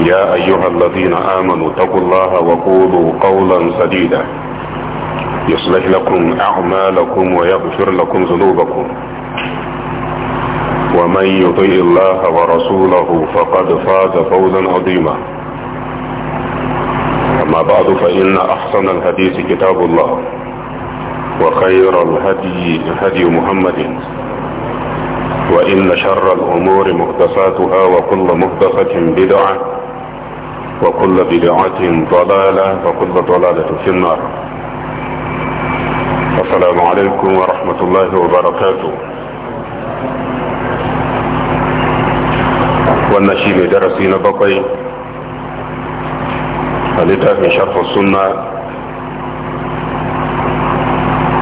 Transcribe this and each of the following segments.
يا أيها الذين آمنوا اتقوا الله وقولوا قولا سديدا يصلح لكم أعمالكم ويغفر لكم ذنوبكم ومن يطع الله ورسوله فقد فاز فوزا عظيما أما بعد فإن أحسن الحديث كتاب الله وخير الهدي هدي محمد وإن شر الأمور مقدساتها وكل مقدسه بدعة وكل بدعة ضلالة وكل ضلالة في النار السلام عليكم ورحمة الله وبركاته والنشيد درسين بقي لتاه شرح السنة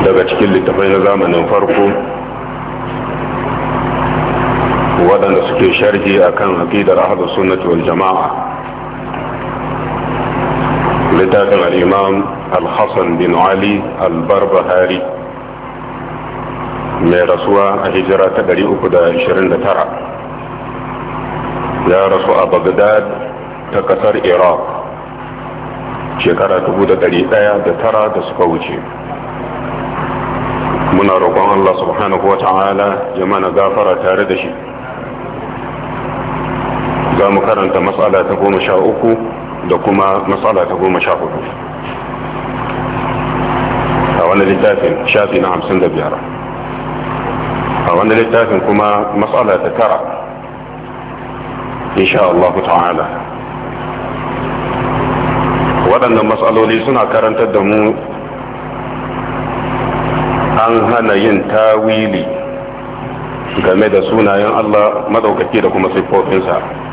لقد كل تفين زامن فرقه وانا نسكي شرحي أكان حقيدة أهل السنة والجماعة littafin al'imam al bin ali al-barbahari mai rasuwa a hijira ta 329 ya rasu a bagdad ta kasar iraq shekara 1109 da suka wuce muna roƙon allah subhanahu wa ta'ala ya mana gafara tare da shi za mu karanta matsala ta goma sha uku da kuma matsala ta goma sha hudu a wani littafin shafi na hamsin da biyar a wani littafin kuma matsala ta tara insha Allah ta'ala waɗannan matsaloli suna karantar da mu an hana yin tawili game da sunayen Allah madaukaki da kuma siffofinsa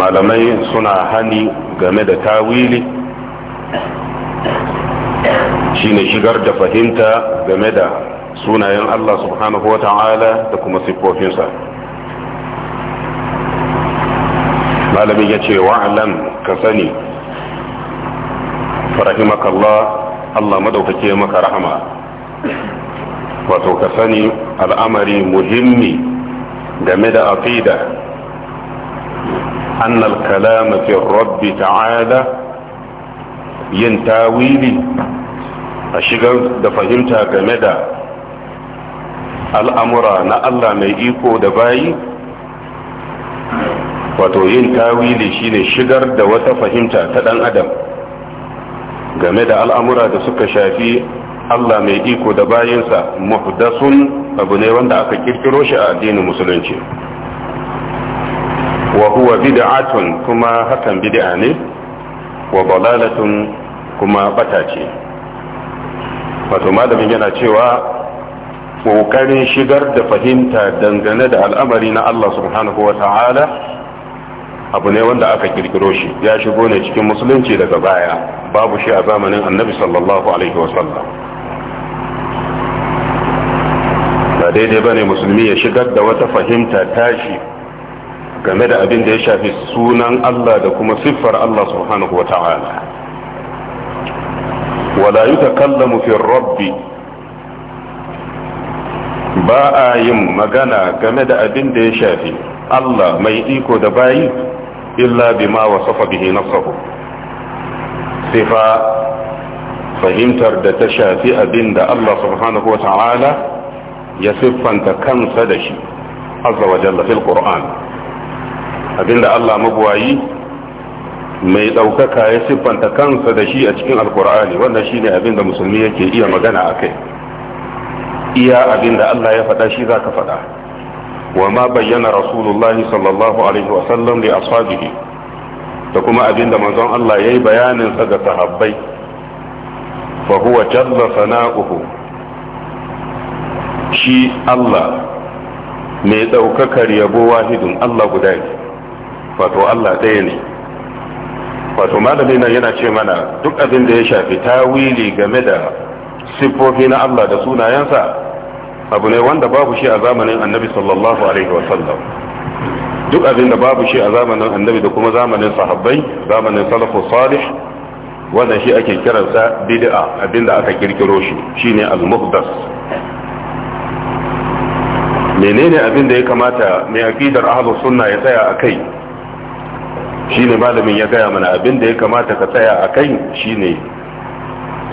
malamai suna hani game da tawili shine shigar da fahimta game da sunayen Allah subhanahu wa da kuma siffofinsa malamin ya ce wa'alam ka sani rahimakallah Allah madaukake maka rahama wato ka sani al'amari muhimmi game da aqida أن الكلام في الرب تعالى ينتاويلي أشغل دفهمتها جمدا الأمر أن الله ميئيكو دباي wato yin tawili shine shigar da wata fahimta ta dan adam game da al'amura da suka shafi Allah mai iko da bayinsa muhdasun abu ne wanda aka kirkiro shi a addinin musulunci wa huwa bid'atun kuma hakan bid'a ne wa dalalatun kuma bata ce wato malamin yana cewa kokarin shigar da fahimta dangane da al'amari na Allah subhanahu wa abu ne wanda aka ƙirƙiro shi ya shigo ne cikin musulunci daga baya babu shi a zamanin annabi sallallahu alaihi ba daidai ba ne musulmi ya shigar da wata fahimta tashi game da abin da ya shafi sunan Allah da kuma siffar Allah subhanahu wa ta'ala wala yutakallamu fi rabbi ba a yin magana game da abin da ya shafi Allah mai iko da bayi illa bima wasafa bihi nafsuhu sifa fahimtar da ta shafi abin da Allah subhanahu wa ta'ala ya siffanta kansa da shi azza wa jalla fil qur'an abinda Allah mabuwayi mai ɗaukaka ya siffanta kansa da shi a cikin alkur'ani wannan shine da musulmi yake iya magana a kai iya da Allah ya faɗa shi za ka faɗa wa ma bayyana rasulullahi sallallahu alaihi wasallam da ashabihi da kuma abinda manzon Allah ya yi bayaninsa ga sahabbai fa huwa jalla sana'uhu shi Allah mai ɗaukakar yabo wahidun Allah guda ne wato Allah ɗaya ne wato malami nan yana ce mana duk abin da ya shafi tawili game da siffofi na Allah da sunayensa abu ne wanda babu shi a zamanin annabi sallallahu alaihi wasallam duk abin da babu shi a zamanin annabi da kuma zamanin sahabbai zamanin salafu salih wannan shi ake kiransa bid'a abin da aka kirkiro shi shine al-muhdas menene abin da ya kamata mai aqidar ahlus sunna ya tsaya akai shine malamin ya gaya mana abin da ya kamata ka tsaya a kai shine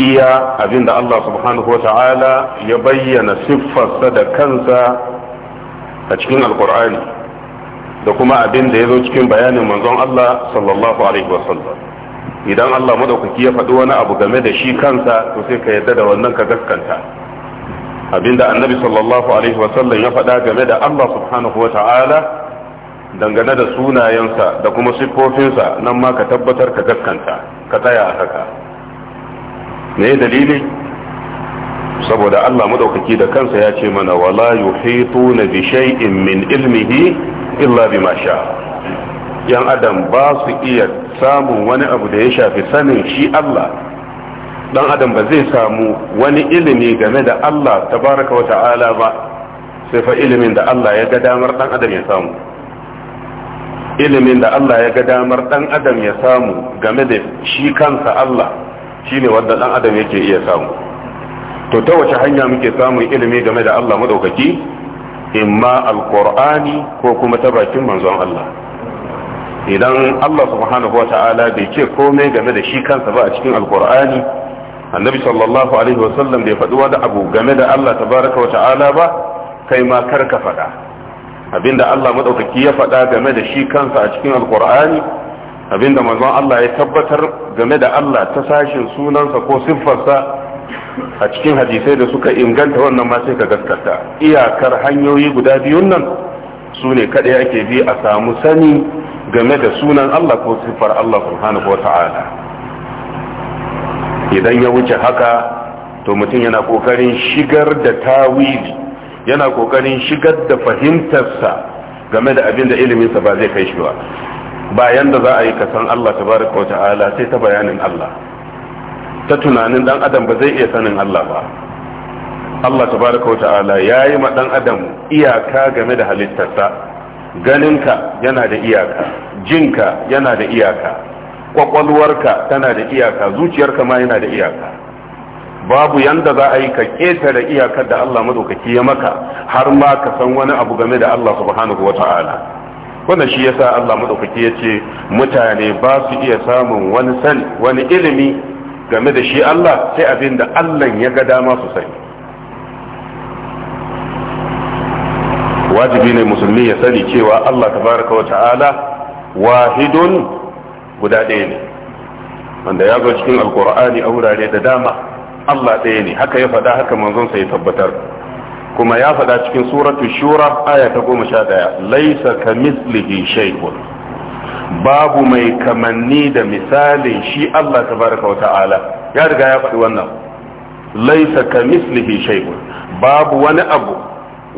iya abin da Allah subhanahu wa ta'ala ya bayyana siffarsa da kansa a cikin alkur'ani da kuma abin da ya zo cikin bayanin manzon Allah sallallahu alaihi wasallam idan Allah madaukaki ya faɗi wani abu game da shi kansa to sai ka yarda da wannan ka gaskanta abinda annabi sallallahu alaihi wasallam ya faɗa game da Allah subhanahu wa ta'ala dangane da sunayensa da kuma siffofinsa nan ma ka tabbatar ka gaskanta ka tsaya a haka me dalili saboda Allah madaukaki da kansa ya ce mana wala yuhituna bi shay'in min ilmihi illa bima sha yan adam ba su iya samun wani abu da ya shafi sanin shi Allah dan adam ba zai samu wani ilimi game da Allah tabaraka wa ta'ala ba sai fa ilimin da Allah ya ga damar dan adam ya samu ilimin da Allah ya ga damar dan adam ya samu game da shi kansa Allah shine wanda dan adam yake iya samu to ta wace hanya muke samun ilimi game da Allah madaukaki imma alqur'ani ko kuma ta bakin manzon Allah idan Allah subhanahu wata'ala bai ce komai game da shi kansa ba a cikin alqur'ani annabi sallallahu alaihi wasallam bai faɗi wani abu game da Allah tabaraka wata'ala ba kai ma kar ka faɗa abinda Allah madaukaki ya faɗa game da shi kansa a cikin alkur'ani abinda manzon Allah ya tabbatar game da Allah ta sashin sunansa ko siffarsa a cikin hadisai da suka inganta wannan ma sai ka gaskata iyakar hanyoyi guda biyun nan su ne kaɗai ake bi a samu sani game da sunan Allah ko siffar Allah subhanahu wa ta'ala idan ya wuce haka to mutum yana ƙoƙarin shigar da tawili yana kokarin shigar da fahimtarsa game da abin da iliminsa ba zai kai shi ba bayan da za a yi kasan Allah tabaraka wata'ala sai ta bayanin Allah ta tunanin dan adam ba zai iya sanin Allah ba Allah tabaraka wata'ala ya yi ma dan adam iyaka game da halittarsa ganinka yana da iyaka jinka yana da iyaka kwakwalwarka tana da iyaka zuciyarka ma yana da iyaka babu yanda za a yi ka ƙetare iyakar da Allah madaukaki ya maka har ma ka san wani abu game da Allah subhanahu wa ta'ala wannan shi yasa Allah madaukaki ya ce mutane ba su iya samun wani sani wani ilimi game da shi Allah sai abinda da Allah ya ga dama su sani wajibi ne musulmi ya sani cewa Allah tabaraka wa ta'ala wahidun guda ɗaya ne wanda ya zo cikin alkur'ani a wurare da dama Allah ɗaya ne haka ya faɗa haka manzon sa ya tabbatar kuma ya faɗa cikin suratu shura aya ta goma sha ɗaya laisa ka mislihi shay'un babu mai kamanni da misalin shi Allah wa ta'ala ya riga ya faɗi wannan laisa ka mislihi shay'un babu wani abu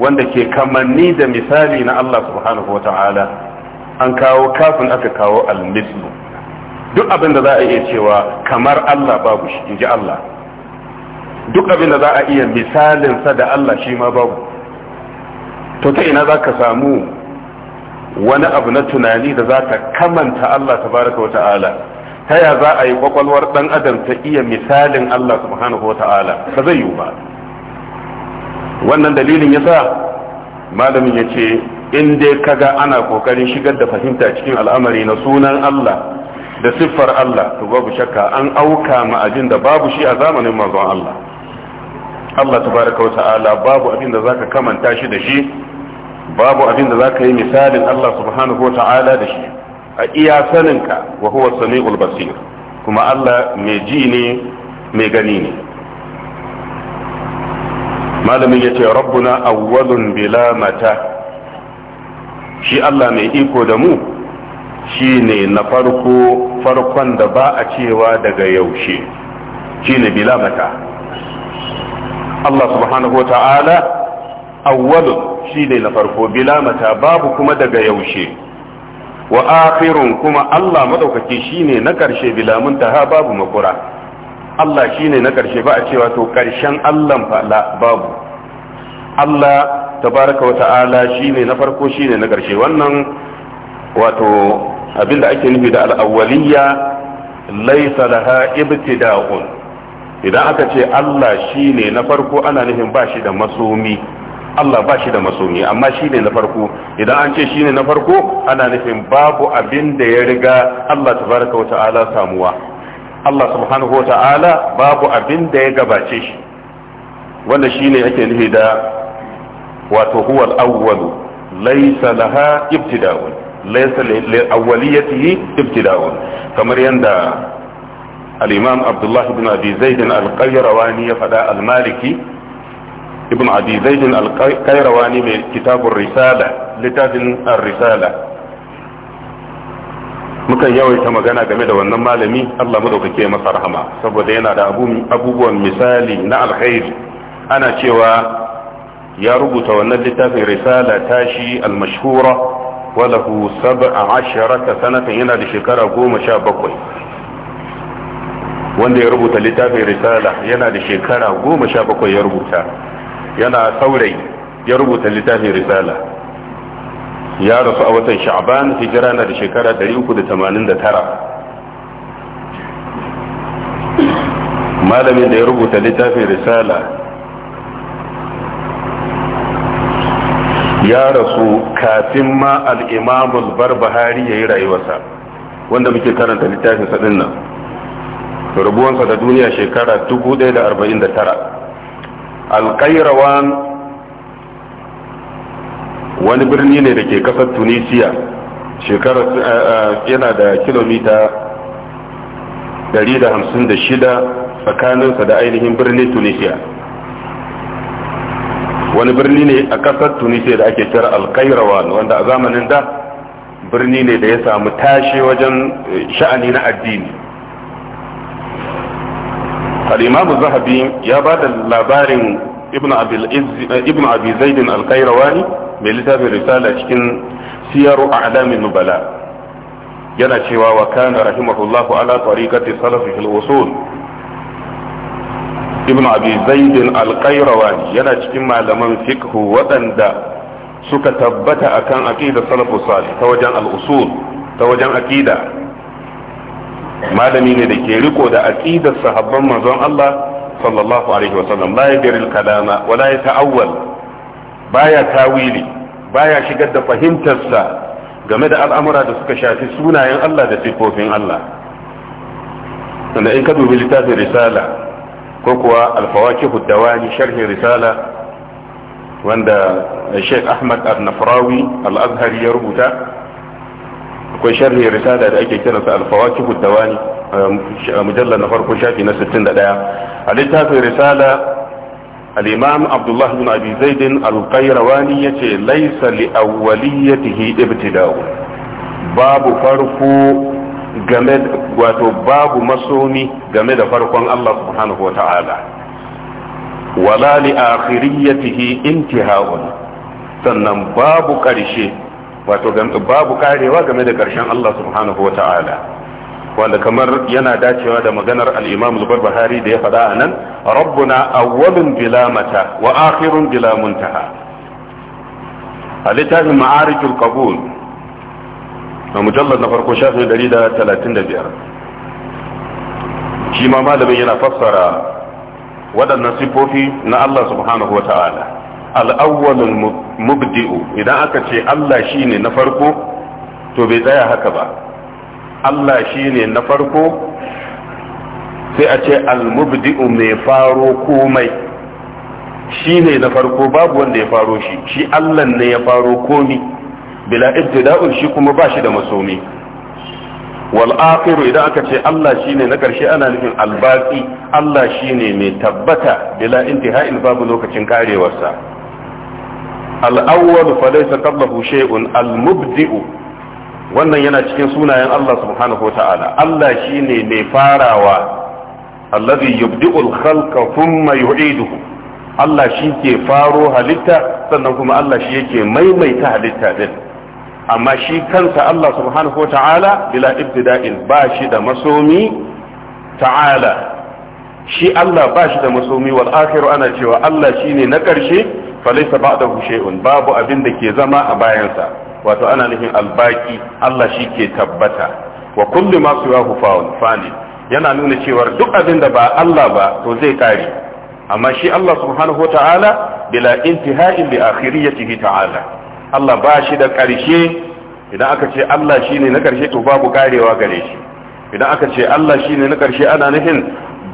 wanda ke kamanni da misali na Allah subhanahu ta'ala an kawo kafin aka kawo al almislu duk abin da za a iya cewa kamar Allah babu shi inji Allah duk abin da za a iya misalinsa da Allah shi ma babu to ta ina za ka samu wani abu na tunani da za ta kamanta Allah tabaraka wa ta'ala ta ya za a yi kwakwalwar ɗan adam ta iya misalin Allah subhanahu wa ta'ala zai yiwu ba wannan dalilin yasa malamin ya ce in dai kaga ana kokarin shigar da fahimta cikin al'amari na sunan Allah da siffar Allah to babu shakka an auka ma da babu shi a zamanin manzon Allah Allah tabaraka wa ta'ala babu abin da zaka kamanta shi da shi babu abin da zaka yi misalin Allah subhanahu wa ta'ala da shi a iya saninka wa huwa sami'ul basir kuma Allah mai ji ne mai gani ne malamin yace rabbuna awwalun bila mata shi Allah mai iko da mu shine na farko farkon da ba a cewa daga yaushe shine bila mata Allah subhanahu wa ta'ala awwalun shi ne na farko bila mata babu kuma daga yaushe wa kuma Allah madaukaki ne na ƙarshe bilamunta ha babu makura Allah ne na ƙarshe ba a cewa to karshen Allah fa babu Allah tabaraka wa ta'ala ne na farko ne na ƙarshe wannan wato abinda ake nufi da al-awwaliyya laha ibtida'un idan aka ce Allah shi ne na farko ana nufin ba shi da masomi Allah ba shi da masomi amma shi ne na farko idan an ce shi ne na farko ana nufin babu abin da ya riga Allah tabaraka wa ta'ala samuwa Allah subhanahu wa ta'ala babu abin da ya gabace shi wanda shi ne ake nufi da wato huwa al-awwalu laysa laha ibtida'un laysa li awwaliyatihi ibtida'un kamar yanda الإمام عبد الله بن أبي زيد القيرواني يفدى المالكي ابن أبي زيد القيرواني من كتاب الرسالة لتاب الرسالة mukan yawaita magana game da wannan malami Allah madaukake masa rahama saboda yana da abubuwan misali na alkhairi ana cewa ya rubuta wannan littafin risala tashi al-mashhura wa lahu 17 sanatan yana da shekara 17 wanda ya rubuta littafin risala yana da shekara goma sha bakwai ya rubuta yana saurayi ya rubuta littafin risala ya rasu a watan sha'ban hijira na da shekara 389 malamin da ya rubuta littafin risala ya rasu kafin ma al'imamul barbahari ya yi rayuwarsa wanda muke karanta littafin sadin nan rubuwansa da duniya shekara 1049 alkairawan wani birni ne da ke kasar tunisiya shekara eh, eh, yana da kilomita 156 tsakaninsa da ainihin birnin tunisiya wani birni ne a kasar tunisiya da ake kira alkairawan wanda a zamanin da birni ne da ya samu tashi wajen eh, sha'ani na addini al-imamu zahabi ya ba da labarin ibn abi eh, zaidin al-kairawani mai littafin risala cikin siyaru a alamin nubala yana cewa wa kana rahimahullahu ala tariqati salafi fil usul ibn abi zaidin al-kairawani yana cikin malaman fiqhu waɗanda suka tabbata akan aqidar salafus salih ta wajen al-usul ta wajen aqida malami ne da ke riko da aqidar sahabban manzon Allah sallallahu alaihi wasallam la yadiril kalama wa la yata'awwal baya tawili baya shigar da fahimtarsa game da al'amura da suka shafi sunayen Allah da sifofin Allah wanda in ka dubi littafin risala ko kuwa alfawakihu dawani sharhin risala wanda Sheikh Ahmad An-Nafrawi al-Azhari ya rubuta akwai sharhi risala da ake kiransa alfawakihu dawani um, uh, mujallar na farko shafi na 61 a littafin risala al-imam abdullah ibn abi zaid al-qayrawani yace laysa li awwaliyatihi ibtida'u babu farko game wato babu masomi game da farkon Allah subhanahu wa ta'ala wala li akhiriyatihi intiha'un sannan babu ƙarshe wato babu karewa game da karshen Allah subhanahu wa ta'ala wanda kamar yana dacewa da maganar al-Imam al da ya faɗa a nan rabbuna awwalun bila mata wa akhirun bila muntaha a littafin ma'arikul qabul na mujallar na farko shafin 135 shi ma malamin yana fassara waɗannan sifofi na Allah subhanahu wa ta'ala al'awwalul mubdi'u idan aka ce Allah shine na farko to bai tsaya haka ba Allah shine na farko sai a ce al-mubdi'u mai faro komai shine na farko babu wanda ya faro shi shi Allah ne ya faro komi bila ibtida'un shi kuma ba shi da masomi wal idan aka ce Allah shine na karshe ana nufin albaqi Allah shine mai tabbata bila intiha'il babu lokacin karewarsa al'awwal falaisa qablahu shay'un al-mubdi'u wannan yana cikin sunayen Allah subhanahu wa ta'ala Allah shine mai farawa alladhi yubdi'ul khalqa thumma yu'iduhu Allah shi ke faro halitta sannan kuma Allah shi yake maimaita halitta din amma shi kansa Allah subhanahu wa ta'ala bila ibtida'in ba shi da masomi ta'ala shi Allah ba shi da masomi wal akhiru ana cewa Allah shine na ƙarshe falaisa ba'dahu shay'un babu abin da ke zama a bayansa wato ana nufin albaki Allah shi ke tabbata wa kullu ma siwahu fani yana nuna cewa duk abin da ba Allah ba to zai kare amma shi Allah subhanahu wata'ala bila intihai li akhiriyatihi ta'ala Allah ba shi da karshe idan aka ce Allah shine na karshe to babu karewa gare shi idan aka ce Allah shine na karshe ana nufin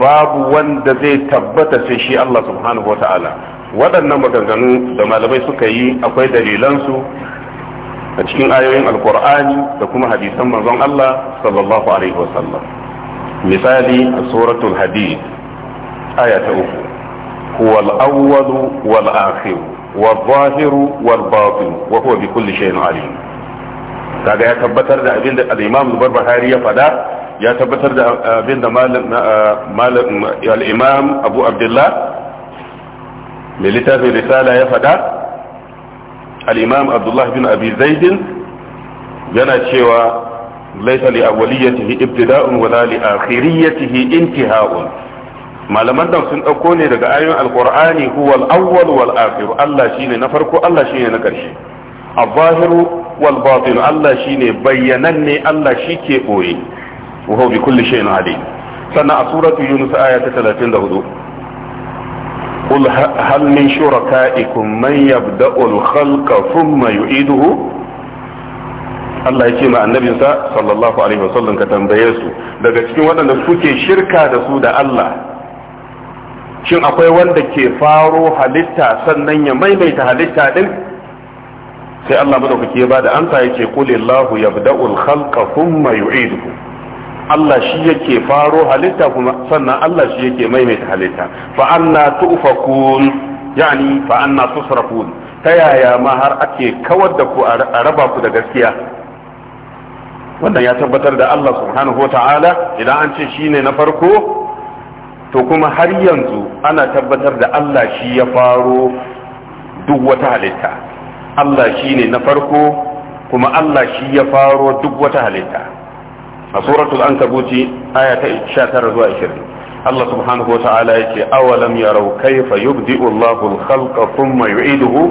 babu wanda zai tabbata sai shi Allah subhanahu wata'ala waɗannan maganganu da malamai suka yi akwai dalilansu a cikin ayoyin alkur'ani da kuma hadisan manzon Allah sallallahu alaihi wasallam misali a suratul hadid aya ta uku huwa al-awwal wal akhir wal zahir wal batin wa huwa bi kulli shay'in alim kaga ya tabbatar da abinda al-imam al-barbahari ya fada ya tabbatar da abinda malam al-imam abu abdullah mai littafin risala ya faɗa alimami abdullah bin abi zaidin yana cewa laisa li awwaliyatihi ibtida'un wala li akhiriyatihi intiha'un malaman nan sun dauko ne daga ayoyin alqur'ani huwal awwal wal akhir Allah shine na farko Allah shine na karshe al-zahiru wal batin Allah shine bayyananne Allah shike boye wa huwa bi kulli shay'in alim sannan a suratu yunus aya ta hudu. قل هل من شركائكم من يبدأ الخلق ثم يعيده Allah ya ce ma annabinsa sallallahu alaihi wasallam ka tambaye su daga cikin waɗanda suke shirka da su da Allah shin akwai wanda ke faro halitta sannan ya maimaita halitta din sai Allah madaukaki ya bada amsa yace qulillahu yabda'ul khalqa thumma yu'iduhu Allah shi yake faro halitta kuma sannan Allah shi yake maimaita halitta fa anna tufakun yani fa anna tusrafun ta yaya ma har ake kawar da ku a raba ku da gaskiya wannan ya tabbatar da Allah subhanahu idan an ce ne na farko to kuma har yanzu ana tabbatar da Allah shi ya faro duk wata halitta Allah ne na farko kuma Allah shi ya faro duk wata halitta a suratul ankabuti aya ta 19 zuwa 20 Allah subhanahu wa ta'ala yace awalam yarau kayfa yubdi'u Allahu al-khalqa thumma yu'iduhu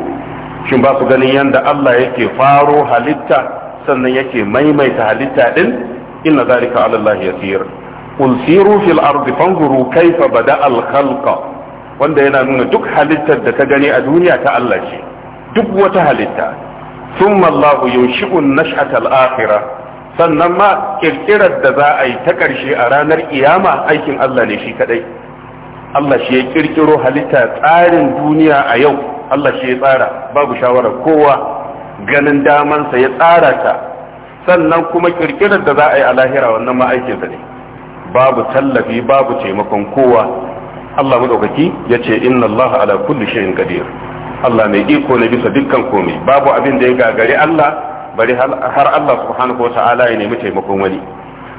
shin ba su ganin yanda Allah yake faro halitta sannan yake maimaita halitta din inna zalika 'ala Allah yasir qul siru fil ardi fanzuru kayfa bada al-khalqa wanda yana nuna duk halittar da ka gani a duniya ta Allah ce duk wata halitta thumma Allah yunshi'u an-nash'ata al-akhirah sannan ma kirkirar da za a yi ta ƙarshe a ranar iyama aikin Allah ne shi kadai Allah shi ya kirkiro halitta tsarin duniya a yau Allah shi ya tsara babu shawarar kowa ganin damansa ya tsara ta sannan kuma kirkirar da za a yi a lahira wannan ma aikinsa ne babu tallafi babu taimakon kowa Allah madaukaki ya ce inna Allah ala kulli shay'in qadir Allah mai iko ne bisa dukkan komai babu abin da ya gagari Allah bari har Allah subhanahu wata'ala ya nemi taimakon wani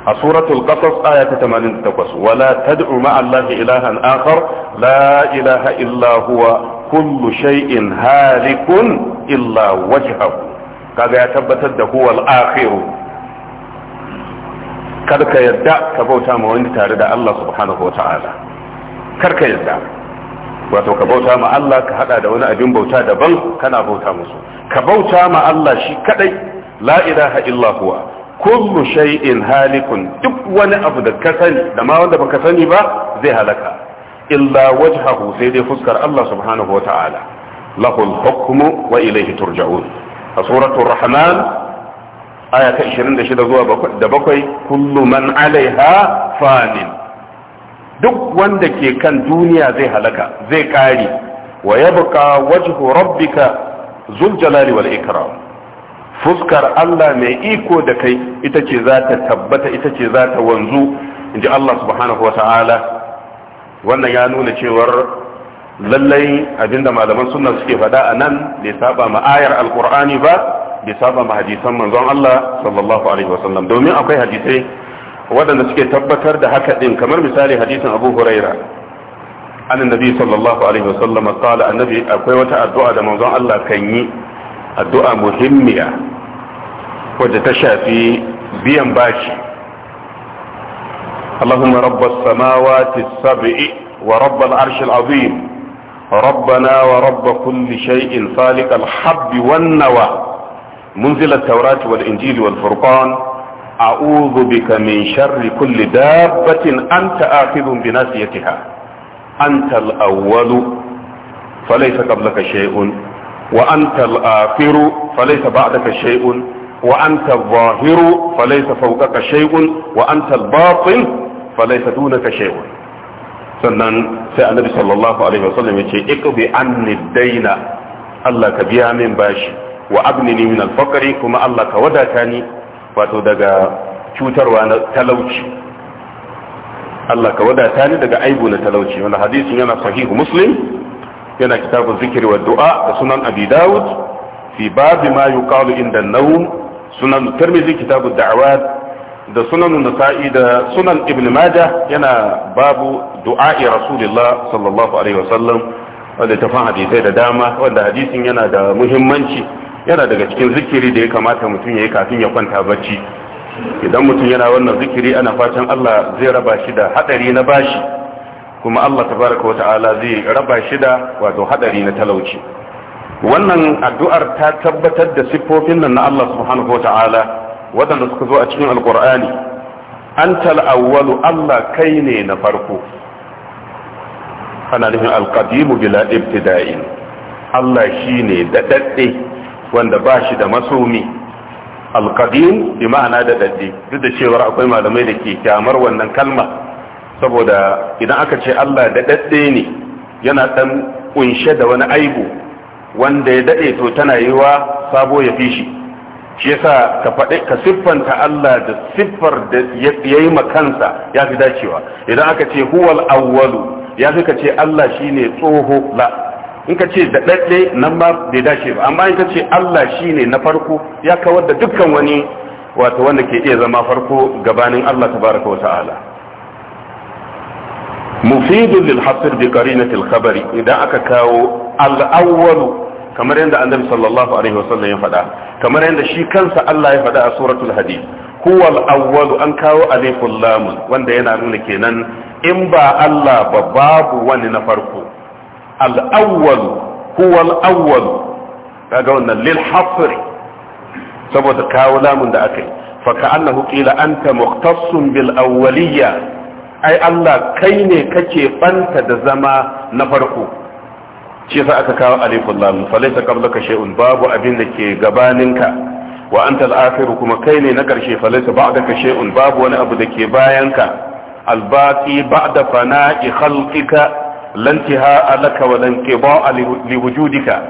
a suratul qasas aya ta 88 wala tad'u ma'a Allah ilahan akhar la ilaha illa huwa kullu shay'in halikun illa wajhahu kaga ya tabbatar da huwa al-akhir karka yadda ka bauta ma wani tare da Allah subhanahu wata'ala karka yadda wato ka bauta ma Allah ka hada da wani abin bauta daban kana bauta musu ka bauta ma Allah shi kadai la ilaha illa huwa kullu shay'in halikun duk wani abu da ka sani da ma wanda baka sani ba zai halaka illa wajhahu sai dai fuskar Allah subhanahu wa ta'ala lahul hukmu wa ilayhi turja'un a suratul rahman aya ta 26 zuwa da bakwai kullu man alaiha fanin duk wanda ke kan duniya zai halaka zai kare wa yabqa wajhu rabbika zul jalali wal ikram fuskar Allah mai iko da kai ita ce za ta tabbata ita ce za ta wanzu inji Allah subhanahu wa ta'ala wannan ya nuna cewar lallai abinda malaman sunna suke faɗa a nan bai saba ma ayar alƙur'ani ba bai saba ma hadisan manzon Allah sallallahu alaihi sallam domin akwai hadisai waɗanda suke tabbatar da haka din kamar misali hadisin abu huraira an sallallahu alaihi wasallam qala annabi akwai wata addu'a da manzon Allah kan yi addu'a muhimmiya wadda ta shafi biyan bashi اللهم رب السماوات السبع ورب العرش العظيم ربنا ورب كل شيء خالق الحب والنوى منزل التوراة والإنجيل والفرقان a'udhu bika min sharri kulli dabbatin anta akhidun bi nasiyatiha anta al-awwalu falaysa qablaka shay'un wa anta al-akhiru falaysa ba'daka shay'un wa anta adh-dhahiru falaysa fawqaka sannan sai annabi sallallahu alaihi wasallam yace iqbi anni daina Allah ka biya min bashi wa abnini min al-faqri kuma Allah ka wadata ni wato daga cutarwa na talauci Allah ka wadata ni daga aibu na talauci wanda hadisin yana sahihu muslim yana kitabu zikiri wa du'a da sunan abi dawud fi babi ma yuqalu inda nawm sunan tirmidhi kitabu da'awat da sunan nasa'i da sunan ibn majah yana babu du'a'i rasulullah sallallahu alaihi wasallam wanda tafan hadisai da dama wanda hadisin yana da muhimmanci yana daga cikin zikiri da ya kamata mutum ya yi kafin ya kwanta bacci idan mutum yana wannan zikiri ana fatan Allah zai raba shi da hadari na bashi kuma Allah tabaraka wata'ala zai raba shi da wato hadari na talauci wannan addu'ar ta tabbatar da siffofin nan na Allah subhanahu wata'ala Wadanda suka zo a cikin alkur'ani an tal'awwalu Allah kai ne na farko ana nufin alƙadimu bila ibtida'in Allah shi ne daɗaɗɗe wanda ba shi da masomi alkadim bi ma'ana da dadde, duk da cewar akwai malamai da ke kyamar wannan kalma saboda idan aka ce Allah da dadde ne yana dan kunshe da wani aibu wanda ya dade to tana yiwa sabo ya fi shi shi yasa ka faɗi ka siffanta Allah da siffar da yayi makansa ya fi dacewa idan aka ce huwal awwalu ya fi ka ce Allah shine tsoho la in ka ce da ɗaɗɗe nan ba bai dace ba amma in ka ce Allah shi ne na farko ya kawar da dukkan wani wato wanda ke iya zama farko gabanin Allah tabaraka wa ta'ala mufidun lil hasr bi qarinatil khabari idan aka kawo al kamar yadda annabi sallallahu alaihi wasallam ya faɗa kamar yadda shi kansa Allah ya faɗa a suratul hadid huwa al an kawo aliful lam wanda yana nuna kenan in ba Allah ba babu wani na farko al'awwal huwa al'awwal kaga wannan lil hasri saboda kawo lamun da aka yi fa ka'annahu qila anta mukhtassun bil awwaliyya ai Allah kai ne kake fanta da zama na farko shi yasa aka kawo alifun lam fa laysa qablaka shay'un babu abin da ke gabaninka wa anta al-akhiru kuma kai ne na karshe fa laysa ba'daka shay'un babu wani abu da ke bayanka al-baqi ba'da fana'i khalqika lantiha alaka wa lanqida li wujudika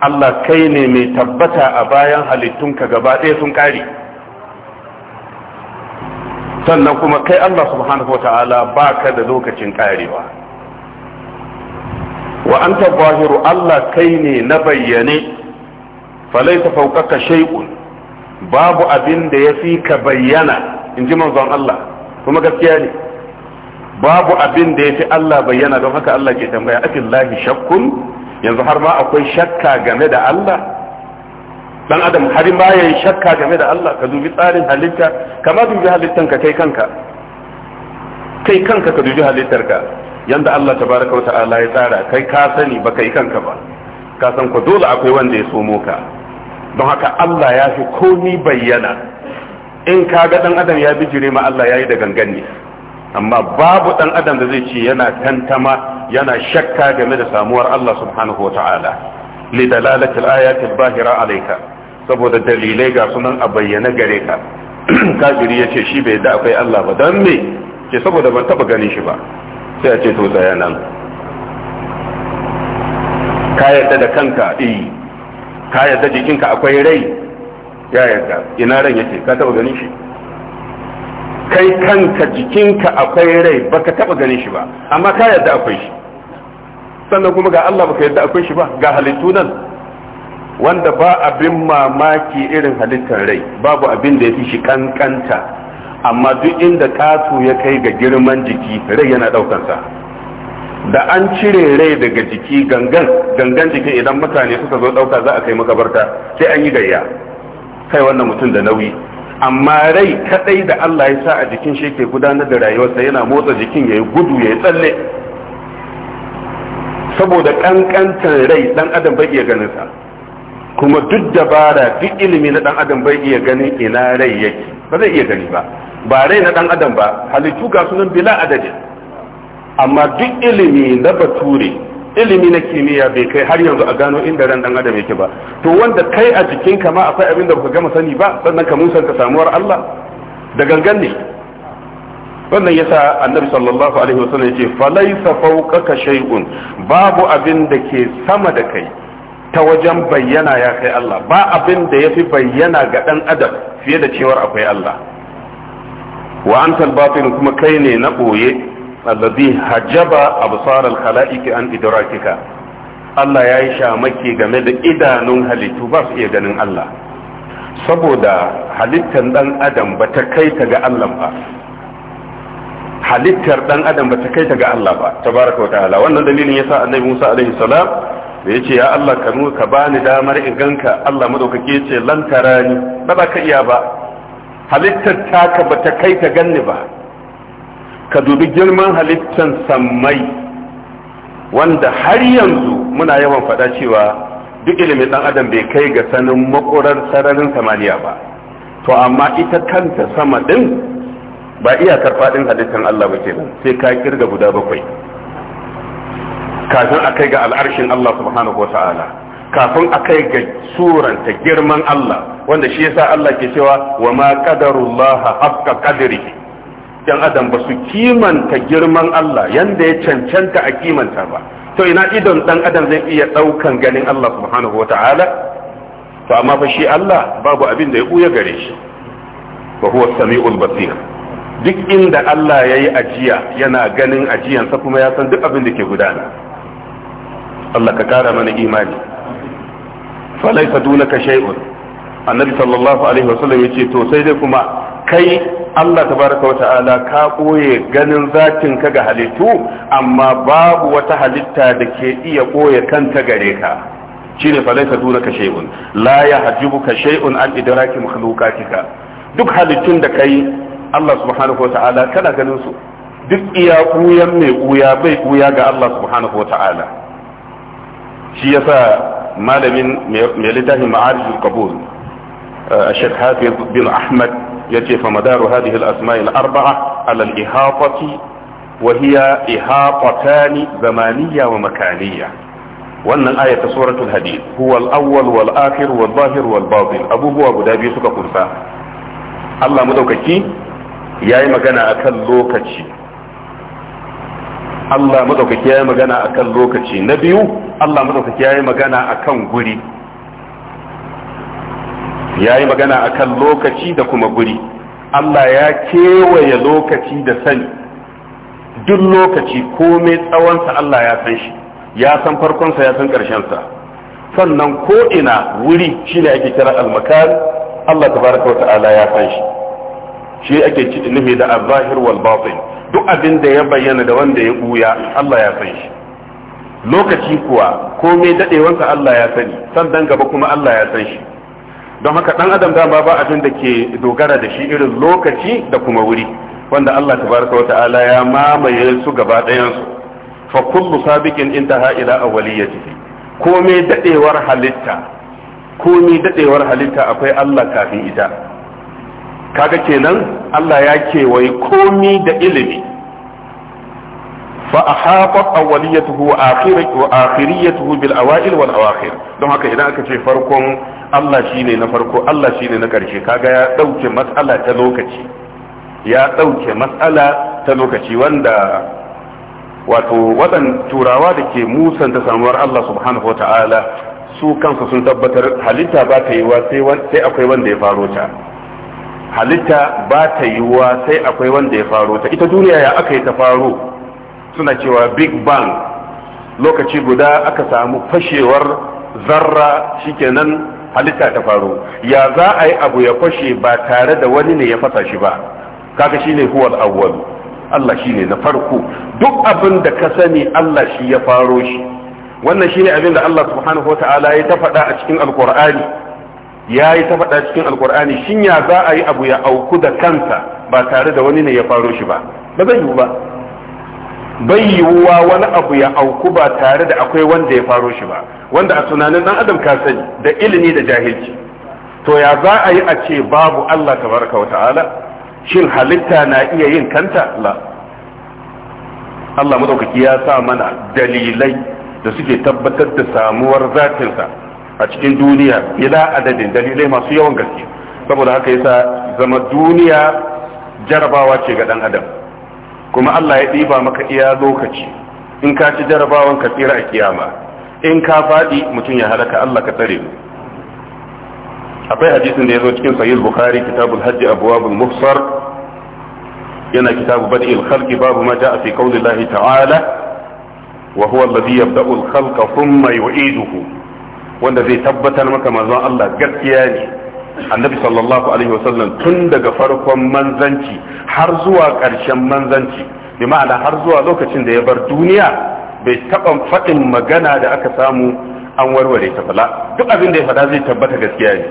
Allah kai mai tabbata a bayan halittunka gaba ɗaya sun kare sannan kuma kai Allah subhanahu wa ta'ala baka da lokacin karewa wa anta zahiru Allah kai ne na bayyane falaita fawqaka shay'un babu abin da ya fi ka bayyana inji manzon Allah kuma gaskiya ne babu abin da yafi Allah bayyana don haka Allah ke tambaya afillahi shakkun yanzu har ma akwai shakka game da Allah dan adam har ma yayi shakka game da Allah ka dubi tsarin halitta kama dubi halittan ka kai kanka kai kanka ka dubi halittar ka yanda Allah tabaraka wa ta'ala ya tsara kai ka sani ba kai kanka ba ka san ko dole akwai wanda ya somo ka don haka Allah ya fi komai bayyana in ka ga dan adam ya bijire ma Allah yayi da gangan ne amma babu dan adam da zai ce yana tantama yana shakka game da samuwar Allah subhanahu wataala li dalalati al bahira alayka saboda dalilai ga sunan a bayyana gare ka kafiri yace shi bai da akwai Allah ba dan me Ke saboda ban taba ganin shi ba sai a ce to tsaya nan ka yarda da kanka eh ka yarda jikinka akwai rai ya yarda ina ran yace ka taba ganin shi kai kanka jikinka akwai rai baka taba ganin shi ba amma ka yadda akwai shi sannan kuma ga Allah baka yadda akwai shi ba ga halittu nan wanda ba abin mamaki irin halittar rai babu abin da ya fi shi kankanta amma duk inda katu ya kai ga girman jiki rai yana daukansa da an cire rai daga jiki gangan gangan jiki idan mutane suka zo dauka za a kai makabarta sai an yi gayya kai wannan mutum da nauyi amma rai kadai da Allah ya sa a jikin shi ke gudanar da rayuwarsa yana motsa jikin ya yi gudu ya yi tsalle saboda kankantar rai dan adam bai iya ganin sa kuma duk dabara duk ilimi na dan adam bai iya ganin ina rai yake ba zai iya gani ba ba rai na dan adam ba halittu ga sunan bila adadi amma duk ilimi na bature ilimi na kimiyya bai kai har yanzu a gano inda ran dan adam yake ba to wanda kai a jikin ka ma akwai abin da baka gama sani ba sannan ka musanta samuwar Allah da gangan ne wannan yasa annabi sallallahu alaihi wasallam yace falaysa fawqaka shay'un babu abin da ke sama da kai ta wajen bayyana ya kai Allah ba abin da yafi bayyana ga dan adam fiye da cewar akwai Allah wa antal batin kuma kai ne na boye alladhi hajaba absar al-khalaiqi an idrakika Allah ya yi shamaki game da idanun halittu ba su iya ganin Allah saboda halittar dan adam ba ta kai ta ga Allah ba halittar dan adam ba ta kai ta ga Allah ba tabaraka wa ta'ala wannan dalilin yasa annabi Musa alaihi salam da yace ya Allah ka nuna ka bani damar in ganka Allah madaukake yace lan tarani ba ba ka iya ba halittar taka ba ta kai ta ganni ba ka dubi girman halittan sammai wanda har yanzu muna yawan faɗa cewa duk ilimin ɗan adam bai kai ga sanin makurar sararin samaniya ba to amma ita kanta sama ɗin ba iyakar faɗin halittar Allah ba kenan sai ka kirga guda bakwai kafin a kai ga al'arshin Allah subhanahu wa ta'ala kafin a kai ga suranta girman Allah wanda shi yasa Allah ke cewa wa ma qadarullaha haqqa qadrihi yan adam ba su kimanta girman Allah yanda ya cancanta a kimanta ba to ina idon dan adam zai iya ɗaukan ganin Allah subhanahu wataala to amma fa shi Allah babu abin da ya buya gare shi wa huwa samiul basir duk inda Allah yayi ajiya yana ganin ajiyansa kuma ya san duk abin da ke gudana Allah ka kara mana imani laysa dunaka shay'un annabi sallallahu alaihi wasallam yace to sai dai kuma kai Allah tabaraka wa ta'ala ka ɓoye ganin zatin ka ga halittu amma babu wata halitta da ke iya koye kanta gare ka shine fa laysa dunaka shay'un la yahjubuka shay'un an idraki makhluqatika duk halittun da kai Allah subhanahu wa ta'ala kana ganin su duk iya kuyan mai kuya bai kuya ga Allah subhanahu wa ta'ala shi yasa malamin mai littafin ma'arijul qabul الشيخ حافظ بن Ahmad. yace fa madaru hadhihi al-asma'i arbaa alal al-ihafati wa ihafatani zamaniyya wa makaniyya wannan aya ta suratul hadid huwa al-awwal wal akhir wal zahir abubuwa guda biyu suka kunsa Allah madaukaki yayi magana akan lokaci Allah madaukaki yayi magana akan lokaci na biyu Allah madaukaki yayi magana akan guri ya yi magana a kan lokaci da kuma guri Allah ya kewaye lokaci da sani duk lokaci komai tsawonsa Allah ya san shi ya san farkonsa ya san ƙarshensa sannan ko'ina wuri shi ne ake kira almakar Allah tabaraka wa ta'ala ya san shi shi ake nufi da al-zahir wal batin duk abin da ya bayyana da wanda ya buya Allah ya san shi lokaci kuwa komai dadewansa Allah ya sani sannan gaba kuma Allah ya san shi don haka dan adam dama ba abin da ke dogara da shi irin lokaci da kuma wuri wanda Allah tabaraka wata'ala ya mamaye su gaba ɗayan su fa kullu sabiqin intaha ila awwaliyatihi komai dadewar halitta komai dadewar halitta akwai Allah kafin ita kaga kenan Allah ya kewaye komai da ilimi fa ahata awwaliyatuhu wa akhiratu wa akhiriyatuhu bil awail wal awakhir don haka idan aka ce farkon Allah shine na farko Allah shine na karshe kaga ya dauke mas'ala ta lokaci wanda wato wadan turawa da ke musanta samuwar Allah subhanahu wa ta'ala su kansu sun tabbatar halitta ba ta yiwuwa sai akwai wanda ya faro ta halitta ba ta yiwuwa sai akwai wanda ya faro ta ita duniya ya aka yi ta faro suna cewa big bang lokaci guda aka samu fashewar zarra shikenan halitta ta faru ya za a yi abu ya fashe ba tare da wani ne ya fasa shi ba kaga shine huwal awwal Allah shine na farko duk abin da ka sani Allah shi ya faro shi wannan shine abin da Allah subhanahu wataala ya ta faɗa a cikin alkur'ani ya yi ta faɗa cikin alqur'ani shin ya za a yi abu ya auku da kansa ba tare da wani ne ya faro shi ba ba zai yiwu ba bai yiwuwa wani abu ya auku ba tare da akwai wanda ya faro shi ba wanda a tunanin dan adam ka sani da ilimi da jahilci to ya za a yi a ce babu Allah tabaraka wa ta'ala shin halitta na iya yin kanta la Allah madaukaki ya sa mana dalilai da suke tabbatar da samuwar zafinsa a cikin duniya bila adadin dalilai masu yawan gaske saboda haka yasa zama duniya jarabawa ce ga dan adam kuma Allah ya ɗiba maka iya lokaci in ka ci jarabawan ka tsira a kiyama in ka faɗi mutum ya halaka Allah ka tsare mu akwai hadisin da ya zo cikin sahih bukhari kitabul hajj abwabul mufsar yana kitabu bad'il khalqi babu ma ja'a fi qawli ta'ala wa huwa alladhi yabda'u al-khalqa thumma yu'iduhu wanda zai tabbatar maka manzon Allah gaskiya ne annabi sallallahu alaihi wasallam tun daga farkon manzanci har zuwa ƙarshen manzanci bi ma'ana har zuwa lokacin da ya bar duniya bai taɓa faɗin magana da aka samu an warware ta fala duk abin da ya faɗa zai tabbata gaskiya ne